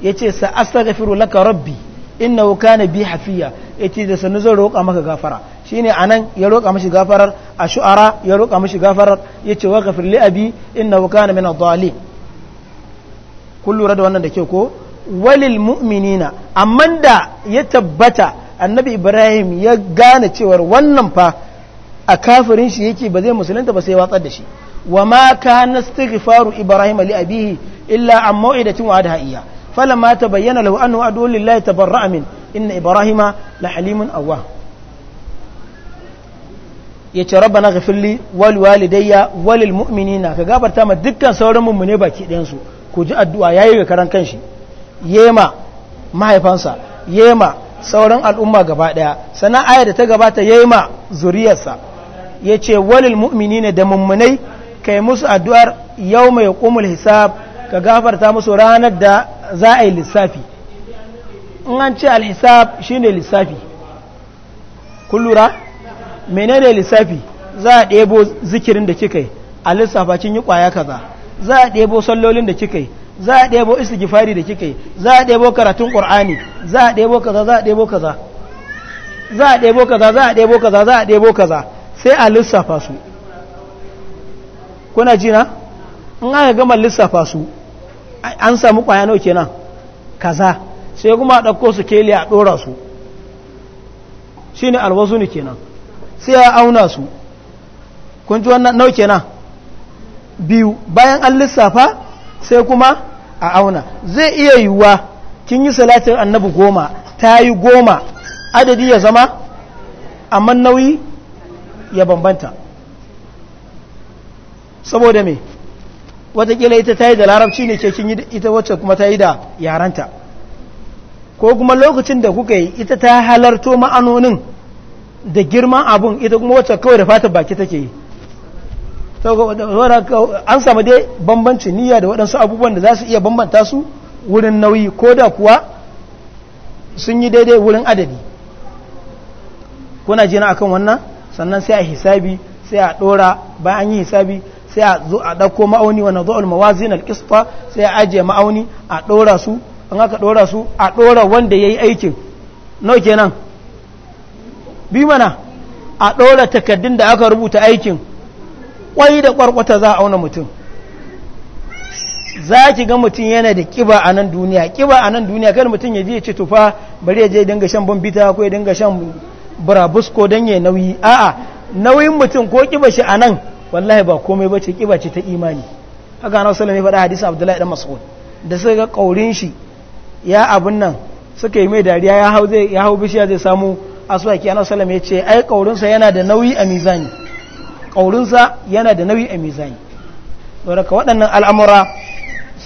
ya yace sa astaghfiru laka rabbi wuka na bi hafiya ya ce da sanu zai roƙa maka gafara shine anan ya roƙa mashi gafarar a shu'ara ya roƙa mashi gafarar ya ce wa ghafir abi innahu kana min ad-dhalin kun lura da wannan da ke ko walil mu'minina amma da ya tabbata annabi ibrahim ya gane cewar wannan fa a kafirin shi yake ba zai musulunta ba sai watsar da shi wa ma kana istighfaru ibrahim li abihi illa an mau'idatin wa adha iya falamma bayyana lahu annahu adu lillahi tabarra'a min inna ibrahima la halimun awwah ya ce na ghafirli wal walidayya walil mu'minina ka gafarta ma dukkan sauran mummune baki ɗayan su ku ji addu'a yayi ga karan kanshi yema mahaifansa yema sauran al'umma gaba ɗaya sana aya da ta gabata yema zuriyarsa yace walil mu'minina da mummunai kai musu addu'ar yau mai kumul hisab ka gafarta musu ranar da za a yi lissafi in an ce al-hisab shine lissafi kullura Mene ne lissafi za a ɗebo zikirin da kika yi a lissafacin yi ƙwaya kaza za a ɗebo sallolin da kika yi za a ɗebo istighfari da kika yi za a ɗebo karatun ƙur'ani za a ɗebo kaza za a ɗebo kaza za a ɗebo kaza za a ɗebo kaza za a ɗebo kaza sai a lissafa su kuna jina in aka gama lissafa su an samu ƙwaya nawa kenan kaza sai kuma a ɗauko su keli a ɗora su shine alwazu ne kenan sai ya auna su kun ji wannan nau kenan biyu bayan an lissafa sai kuma a auna zai iya yiwuwa kin yi salatin annabi goma ta yi goma adadi ya zama amma nauyi ya bambanta saboda me watakila ita ta yi da larabci ne ke kin yi ita wacce kuma ta yi da yaranta ko kuma lokacin da kuka yi ita ta halarto ma'anonin da girman abun ita kuma wacce kawai da fatan baki take yi an samu dai bambanci niyya da waɗansu abubuwan da za su iya bambanta su wurin nauyi ko da kuwa sun yi daidai wurin adadi kuna jina akan wannan sannan sai a hisabi sai a ɗora bayan an yi hisabi sai a zo a ɗauko ma'auni wanda zo'ul mawazin alƙisfa sai a ajiye ma'auni a ɗora su an haka ɗora su a ɗora wanda ya yi aikin nau kenan bi mana a ɗora takardun da aka rubuta aikin ƙwai da ƙwarƙwata za a auna mutum za ki ga mutum yana da ƙiba a nan duniya ƙiba a nan duniya kan mutum ya je ya ce tufa bari ya je dinga shan bambita ko ya dinga shan burabusko don ya nauyi a'a nauyin mutum ko ƙiba shi a nan wallahi ba komai ba ce ƙiba ce ta imani haka na wasu faɗa hadisa abdullahi ɗan mas'ud da suka ga ƙaurin shi ya abin nan suka yi mai dariya ya hau bishiya zai samu aswaki ana salam ya ce ai kaurinsa yana da nauyi a mizani kaurinsa yana da nauyi a mizani don haka waɗannan al'amura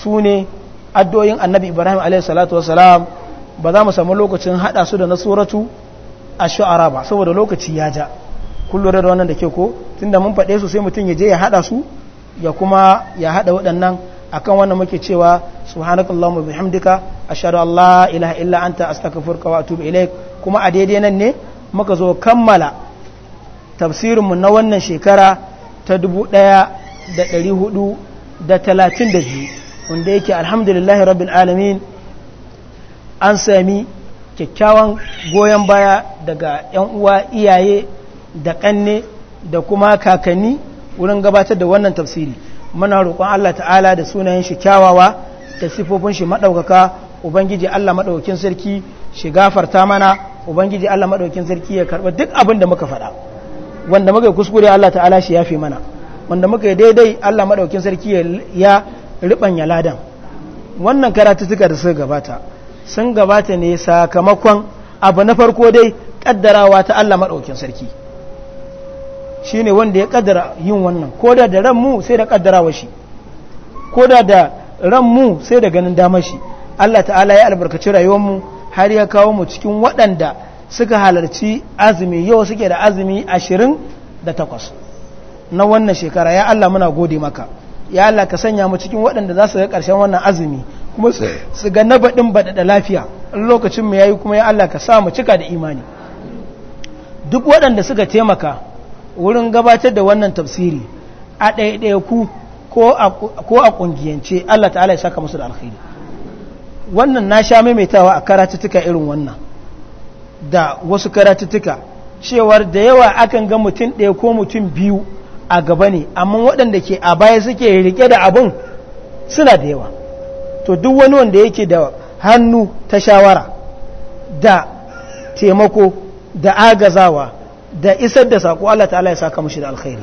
sune ne addoyin annabi ibrahim alaihi salatu wasalam ba za mu samu lokacin haɗa su da na suratu a shu'ara ba saboda lokaci ya ja kullum da wannan da ke ko tunda mun faɗe su sai mutum ya je ya haɗa su ya kuma ya haɗa waɗannan akan wannan muke cewa subhanakallahumma bihamdika ashhadu an la ilaha illa anta astaghfiruka wa atubu ilaik kuma a daidai nan ne muka zo kammala tafsirinmu na wannan shekara ta dubu ɗaya da da da ɗari hudu talatin biyu wanda yake alhamdulillahi rabbil alamin an sami kyakkyawan goyon baya daga 'yan uwa iyaye da ƙanne da kuma kakanni wurin gabatar da wannan tafsiri muna roƙon Allah ta'ala da sunayen shi kyawawa da sifofin shi maɗaukaka ubangiji Allah maɗaukin sarki shi gafarta mana ubangiji Allah maɗaukin sarki ya karba duk abin da muka faɗa wanda muka yi kuskure Allah ta'ala shi fi mana wanda muka yi daidai Allah maɗaukin sarki ya riɓanya ladan wannan suka da suka gabata sun gabata ne sakamakon abu na farko dai ƙaddarawa ta Allah maɗaukin sarki Shi ne wanda ya ƙaddara yin wannan ko da da ran mu sai da ƙaddarawa shi ko da da ran mu sai da ganin damar shi Allah ta'ala ya albarkaci rayuwarmu har ya kawo mu cikin waɗanda suka halarci azumi yau suke da azumi ashirin da takwas na wannan shekara ya Allah muna gode maka ya Allah ka sanya mu cikin waɗanda za su ga ƙarshen wannan azumi kuma su ga nabaɗin baɗaɗa lafiya lokacin mu yayi kuma ya Allah ka sa mu cika da imani duk waɗanda suka taimaka wurin gabatar da wannan tafsiri a ɗaiɗaiku ko a ƙungiyance Allah ta'ala ya saka musu da alkhairi wannan na sha maimaitawa a karatuttuka irin wannan da wasu karatuttuka cewar da yawa akan ga mutum ɗaya ko mutum biyu a gaba ne amma waɗanda ke a baya suke riƙe da abin suna da yawa to duk wani wanda yake da hannu ta shawara da taimako da agazawa da isar da saƙo Allah ta'ala ya saka mushi da alkhairi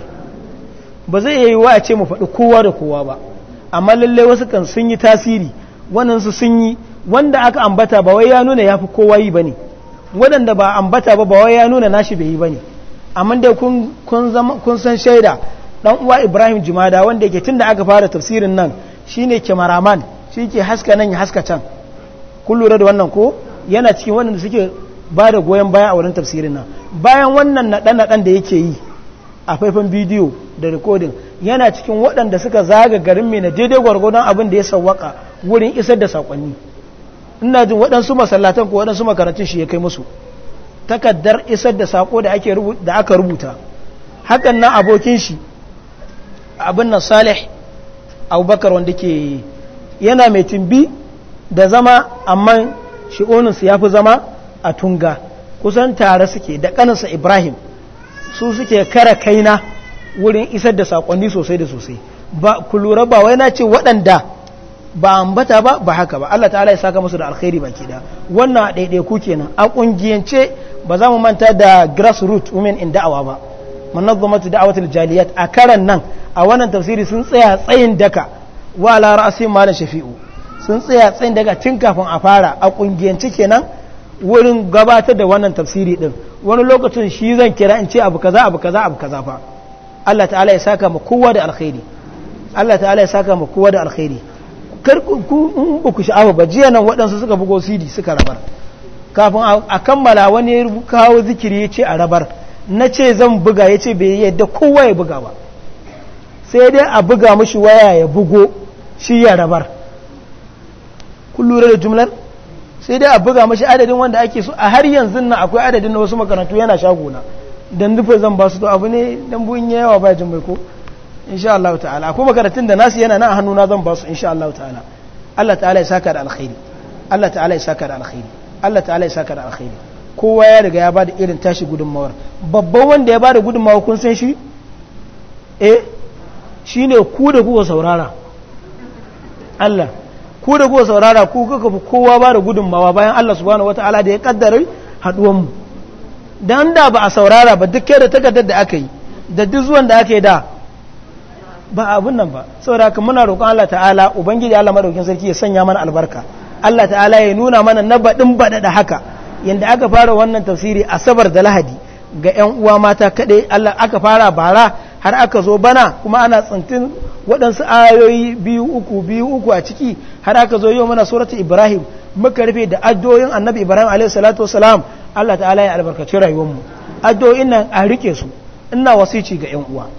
ba zai yi wa a ce mu faɗi kowa da kowa ba amma lallai wasu kan sun yi tasiri wannan su sun yi wanda aka ambata ba wai ya nuna ya fi kowa yi ba ne waɗanda ba ambata ba ba wai ya nuna nashi bai yi ba ne amma da kun san shaida ɗan uwa ibrahim jimada wanda yake tun da aka fara tafsirin nan shine kyamaraman shi ke haska nan ya haska can kun lura da wannan ko yana cikin waɗanda suke ba da goyon baya a wurin tafsirin nan bayan wannan naɗa naɗan da yake yi a faifan bidiyo da rikodin yana cikin waɗanda suka zaga garin mai na daidai gwargwadon abin da ya sawwaka wurin isar da saƙonni ina jin waɗansu masallatan ko waɗansu makarantun shi ya kai musu takaddar isar da saƙo da aka rubuta hakan na abokin shi abin nan salih abubakar wanda ke yana mai tumbi da zama amma shi'oninsu ya fi zama a tunga kusan tare suke da ƙaninsa ibrahim su suke kara kaina wurin isar da saƙonni sosai da sosai ba ku lura ba wai na ce waɗanda ba ambata ba ba haka ba Allah ta'ala ya saka musu da alkhairi baki da wannan a ku kenan a ƙungiyance ba za mu manta da grassroots women in da'awa ba manazzamatu da'awatul jaliyat a karan nan a wannan tafsiri sun tsaya tsayin daka wa ala ra'sin malam shafi'u sun tsaya tsayin daka tun kafin a fara a ƙungiyance kenan wurin gabatar da wannan tafsiri din wani lokacin shi zan kira in ce abu kaza abu kaza abu kaza fa Allah ta'ala ya saka mu kowa da alkhairi Allah ta'ala ya saka mu kowa da alkhairi in ku sha'awa ba jiya nan waɗansu suka bugo cd suka rabar kafin a kammala wani ya kawo zikiri ya ce a rabar na ce zan buga ya ce bai yadda kowa ya buga ba sai dai a buga mashi waya ya bugo shi ya rabar kun da jumlar sai dai a buga mashi adadin wanda ake so a har yanzu nan akwai adadin na wasu makarantu yana shagona don dufa zan ba su to abu ne don buyin yawa ba jin ko insha Allah ta'ala akwai makaratun da nasu yana na hannuna zan ba su insha Allah ta'ala Allah ta'ala ya saka da alkhairi Allah ta'ala ya saka da alkhairi Allah ta'ala ya saka da alkhairi kowa ya riga ya bada irin tashi gudunmawar babban wanda ya bada gudunmawa kun san shi eh shine ku da kuka saurara Allah ku da kuka saurara ku kuka fi kowa bada gudunmawa bayan Allah subhanahu wataala da ya kaddara haduwan mu dan da ba a saurara ba duk da takardar da aka yi da duk zuwan da aka yi da ba abun nan ba saboda haka muna roƙon Allah ta'ala ubangiji Allah madaukin sarki ya sanya mana albarka Allah ta'ala ya nuna mana na baɗin baɗaɗa haka yanda aka fara wannan tafsiri asabar da lahadi ga 'yan uwa mata kaɗai Allah aka fara bara har aka zo bana kuma ana tsintin waɗansu ayoyi biyu uku biyu uku a ciki har aka zo yau mana suratu ibrahim muka rufe da addoyin annabi ibrahim alaihi salatu wasalam Allah ta'ala ya albarkaci mu. addoyin nan a rike su ina wasici ga 'yan uwa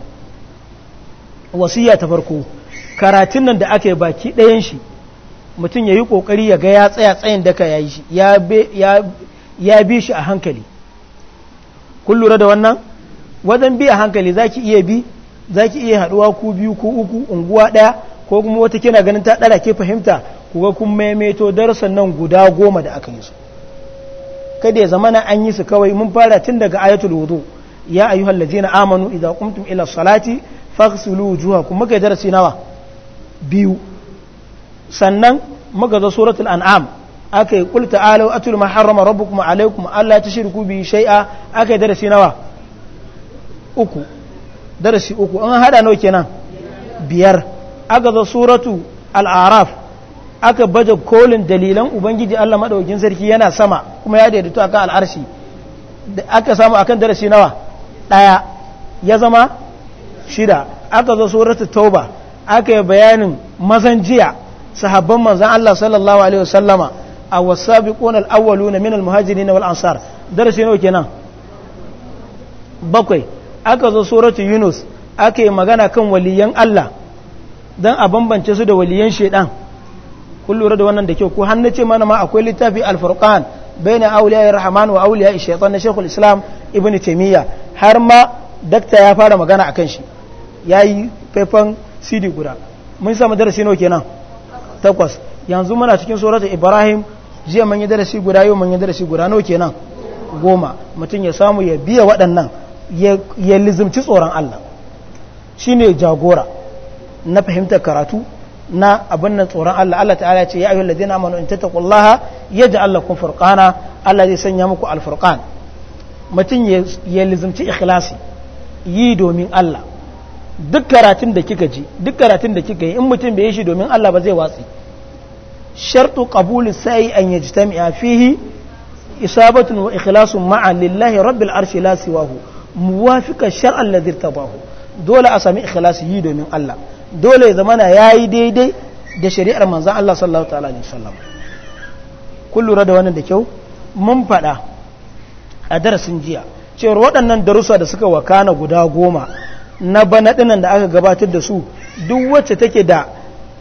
wasiya ta farko karatun nan da aka yi baki ɗayan shi mutum ya yi ƙoƙari ya ga ya tsaya tsayin daka ya yi shi ya bi shi a hankali kun da wannan wajen bi a hankali za ki iya bi za ki iya haɗuwa ku biyu ku uku unguwa ɗaya ko kuma wata kina ganin ta ɗara ke fahimta ku ga kun maimaito darasan nan guda goma da aka yi su kada ya zamana an yi su kawai mun fara tun daga ayatul wudu ya ayyuhal ladzina amanu idza qumtum ila salati faghsilu kuma muka darasi nawa biyu sannan muka zo suratul an'am akai yi qul ta'ala atul ma harrama rabbukum alaykum alla tushriku bi shay'a aka yi darasi nawa uku darasi uku an hada nawa kenan biyar aka zo suratu al-araf aka baje kolin dalilan ubangiji Allah madaukin sarki yana sama kuma ya daidaito akan al'arshi aka samu akan darasi nawa daya ya zama shida aka zo suratul tauba aka yi bayanin mazan jiya sahabban manzan Allah sallallahu alaihi wasallama a wasabiqun al-awwaluna na minal muhajirin na ansar darasi nawa kenan bakwai aka zo suratul yunus aka yi magana kan waliyan Allah dan a bambance su da waliyan shaidan kun lura da wannan da kyau ko har ce mana ma akwai littafi bai na auliya yi rahaman wa yi shaitan na shekul islam ibn taimiyya har ma dakta ya fara magana a kan shi ya yi faifan cd guda mun samu darasi nau kenan takwas yanzu muna cikin sorata ibrahim jiya mun darasi guda yau mun darasi guda nau kenan goma mutum ya samu ya biya waɗannan ya lizimci tsoron allah shine jagora na fahimtar karatu na abin nan tsoron Allah Allah ta'ala ce ya ayyuhal ladina amanu in tattaqullaha yaj'al lakum furqana Allah zai sanya muku alfurqan mutum ya lizimci ikhlasi yi domin Allah duk karatun da kika ji duk karatun da kika yi in mutum bai yi shi domin Allah ba zai watsi shartu qabuli sai an yajtami'a fihi isabatun wa ikhlasun ma'a lillahi rabbil arshi la siwahu muwafiqa shar'a alladhi tabahu dole a sami ikhlasi yi domin Allah dole ya zamana yayi daidai da shari'ar manzon Allah sallallahu ta'ala alaihi wasallam kullu lura da wannan da kyau mun faɗa a darasin jiya cewar waɗannan darussa da suka wakana guda goma na bana dinan da aka gabatar da su duk wacce take da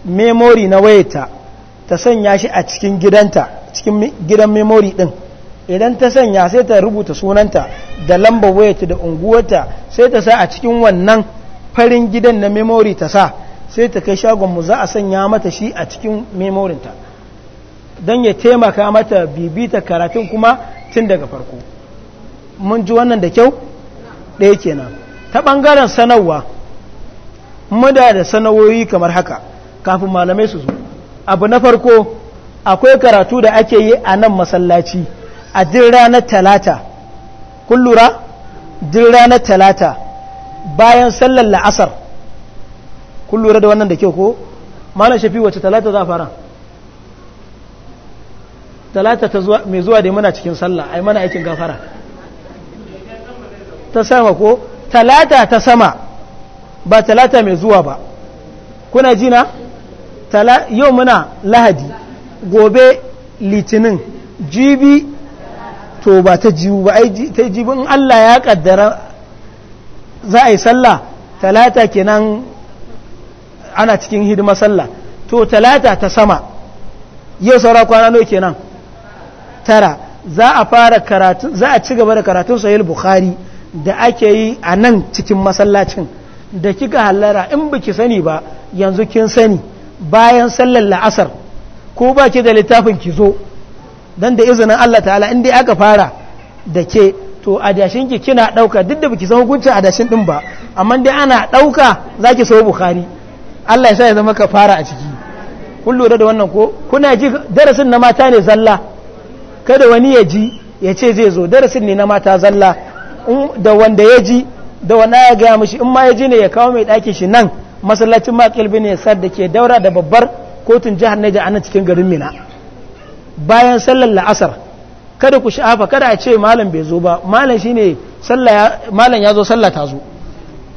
memori na wayarta ta sanya shi a cikin gidanta cikin gidan memory din idan ta sanya sai ta rubuta sunanta da lambar wayata da unguwarta sai ta sa a cikin wannan farin gidan na memori ta sa sai ta kai shagon mu za a sanya mata shi a cikin memorinta don ya taimaka mata bibita karatun kuma tun daga farko mun ji wannan da kyau ɗaya kenan ta ɓangaren sanarwa muda da sanawoyi kamar haka kafin malamai su zo abu na farko akwai karatu da ake yi a nan masallaci a din ranar talata kun lura din ranar talata bayan sallar la'asar kun lura da wannan da kyau ko malam shafi wacce talata za fara talata ta zuwa mai zuwa da muna cikin sallah ai mana aikin gafara ta sama ko talata ta sama ba talata mai zuwa ba kuna jina yau muna lahadi gobe litinin jibi to ba ta jibu ba ta jibu in Allah ya kaddara za a yi sallah talata kenan ana cikin hidima sallah to talata ta sama yau saura kwana nawa kenan tara za a fara karatu za a ci gaba da karatun sahih bukhari da ake yi a nan cikin masallacin da kika hallara in baki sani ba yanzu kin sani bayan sallar la'asar ko ba ki da littafin ki zo don da izinin Allah ta'ala inda aka fara da ke to adashin ki kina ɗauka duk da biki san hukuncin a dashin ɗin ba amma dai ana ɗauka za ki sau bukari Allah ya sa ya zama ka fara a ciki kun lura da wannan ko kuna ji darasin na mata ne zalla kada wani ya ji ya ce zai zo darasin ne na mata zalla da wanda ya ji da wanda ya gaya mashi in ma ya ji ne ya kawo mai ɗaki shi nan masallacin makil ne sar da ke daura da babbar kotun jihar Niger a nan cikin garin Mina bayan sallar la'asar kada ku shafa kada a ce malam bai zo ba malam shi ne malam ya zo sallah ta zo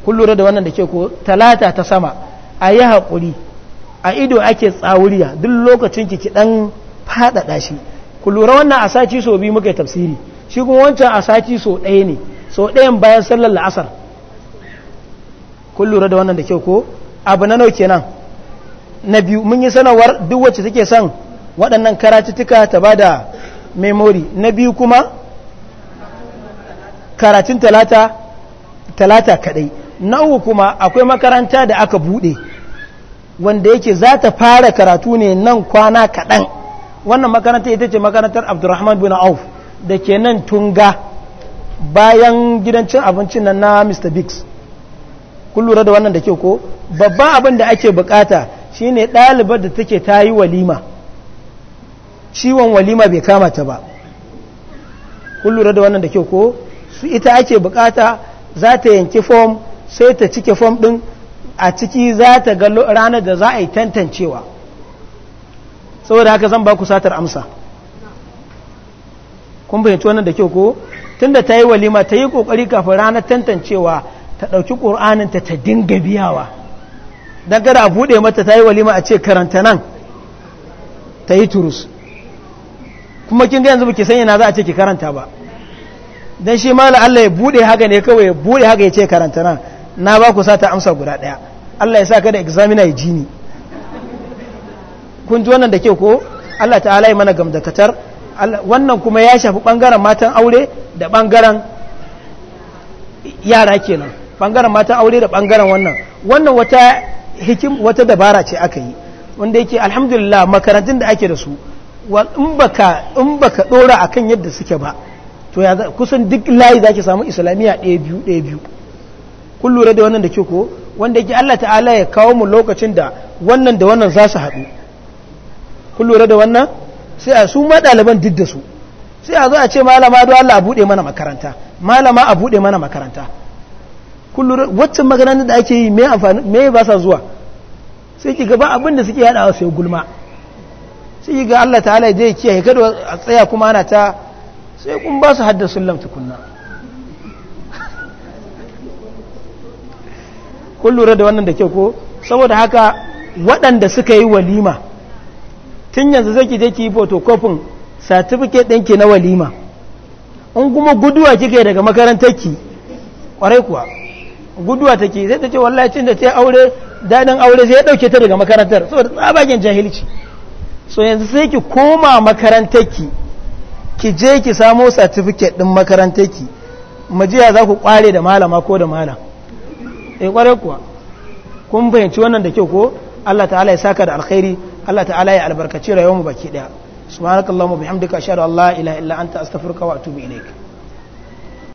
kun lura da wannan da ke ko talata ta sama a yi haƙuri a ido ake tsawuriya duk lokacin ki ki dan faɗaɗa shi ku lura wannan a sati so biyu muka tafsiri shi kuma wancan a sati so ɗaya ne so ɗayan bayan sallar la'asar kun lura da wannan da kyau ko abu na nauke nan na biyu mun yi sanawar duk wacce take son waɗannan karatuttuka ta ba da memori na biyu kuma karatun talata talata kadai na uku kuma akwai makaranta da aka buɗe wanda yake za ta fara karatu ne nan kwana kaɗan wannan makaranta ita ce makarantar abdurrahman bin auf da ke nan tunga bayan gidan cin abincin nan na Mr. Biggs kun da wannan da ke ko babban abin da ake bukata shine ɗalibar da take ta yi walima ciwon walima bai kama ta ba kun da wannan da ke ko su ita ake bukata za ta yanki fom sai ta cike fom ɗin a ciki za ta ga ranar da za a yi tantancewa saboda haka zan ba ku satar amsa kun bayyanci wannan da kyau ko tunda ta yi walima ta yi ƙoƙari kafin ranar tantancewa ta ɗauki ƙur'aninta ta dinga biyawa don kada a buɗe mata ta yi walima a ce karanta nan ta yi turus kuma kin ga yanzu ba ke sanya na za a ce ki karanta ba don shi ma Allah ya buɗe haka ne kawai ya buɗe haka ya ce karanta nan na ba ku sa ta amsa guda ɗaya Allah ya sa ka da examiner ya ji ni kun ji wannan da kyau ko Allah ta'ala ya mana gamdakatar wannan kuma ya shafi bangaren matan aure da bangaren yara kenan bangaren matan aure da bangaren wannan wannan wata hikim wata dabara ce aka yi wanda yake alhamdulillah makarantun da ake da su in baka in baka dora akan yadda suke ba to ya kusan duk layi zaki samu islamiyya ɗaya biyu ɗaya biyu kun lura da wannan da ke ko wanda yake Allah ta'ala ya kawo mu lokacin da wannan da wannan za su haɗu kun lura da wannan sai a su ɗaliban duk da su sai a zo a ce malama don Allah a buɗe mana makaranta malama a buɗe mana makaranta kullum waccan maganar da ake yi me ba sa zuwa sai ki gaba abin da suke yaɗawa sai gulma sai ki ga Allah ta halaye zai kiyaye kada a tsaya kuma ana ta sai kun ba su haddasun lam tukunna kun lura da wannan da ke ko saboda haka waɗanda suka yi walima tun yanzu zai ki je ki yi photocopy satifiket ɗinki na walima in kuma guduwa kike daga makarantar ki kwarai kuwa guduwa take zai ta ce wallahi cin da ta aure daɗin aure zai ɗauke ta daga makarantar saboda tsabagen jahilci so yanzu sai ki koma makarantarki ki je ki samo satifiket din makarantarki majiya za ku kware da malama ko da malam eh kware kuwa kun fahimci wannan da kyau ko Allah ta'ala ya saka da alkhairi Allah ta'ala ya albarkaci rayuwar mu baki daya subhanakallahumma bihamdika ashhadu an la ilaha illa anta astaghfiruka wa atubu ilaik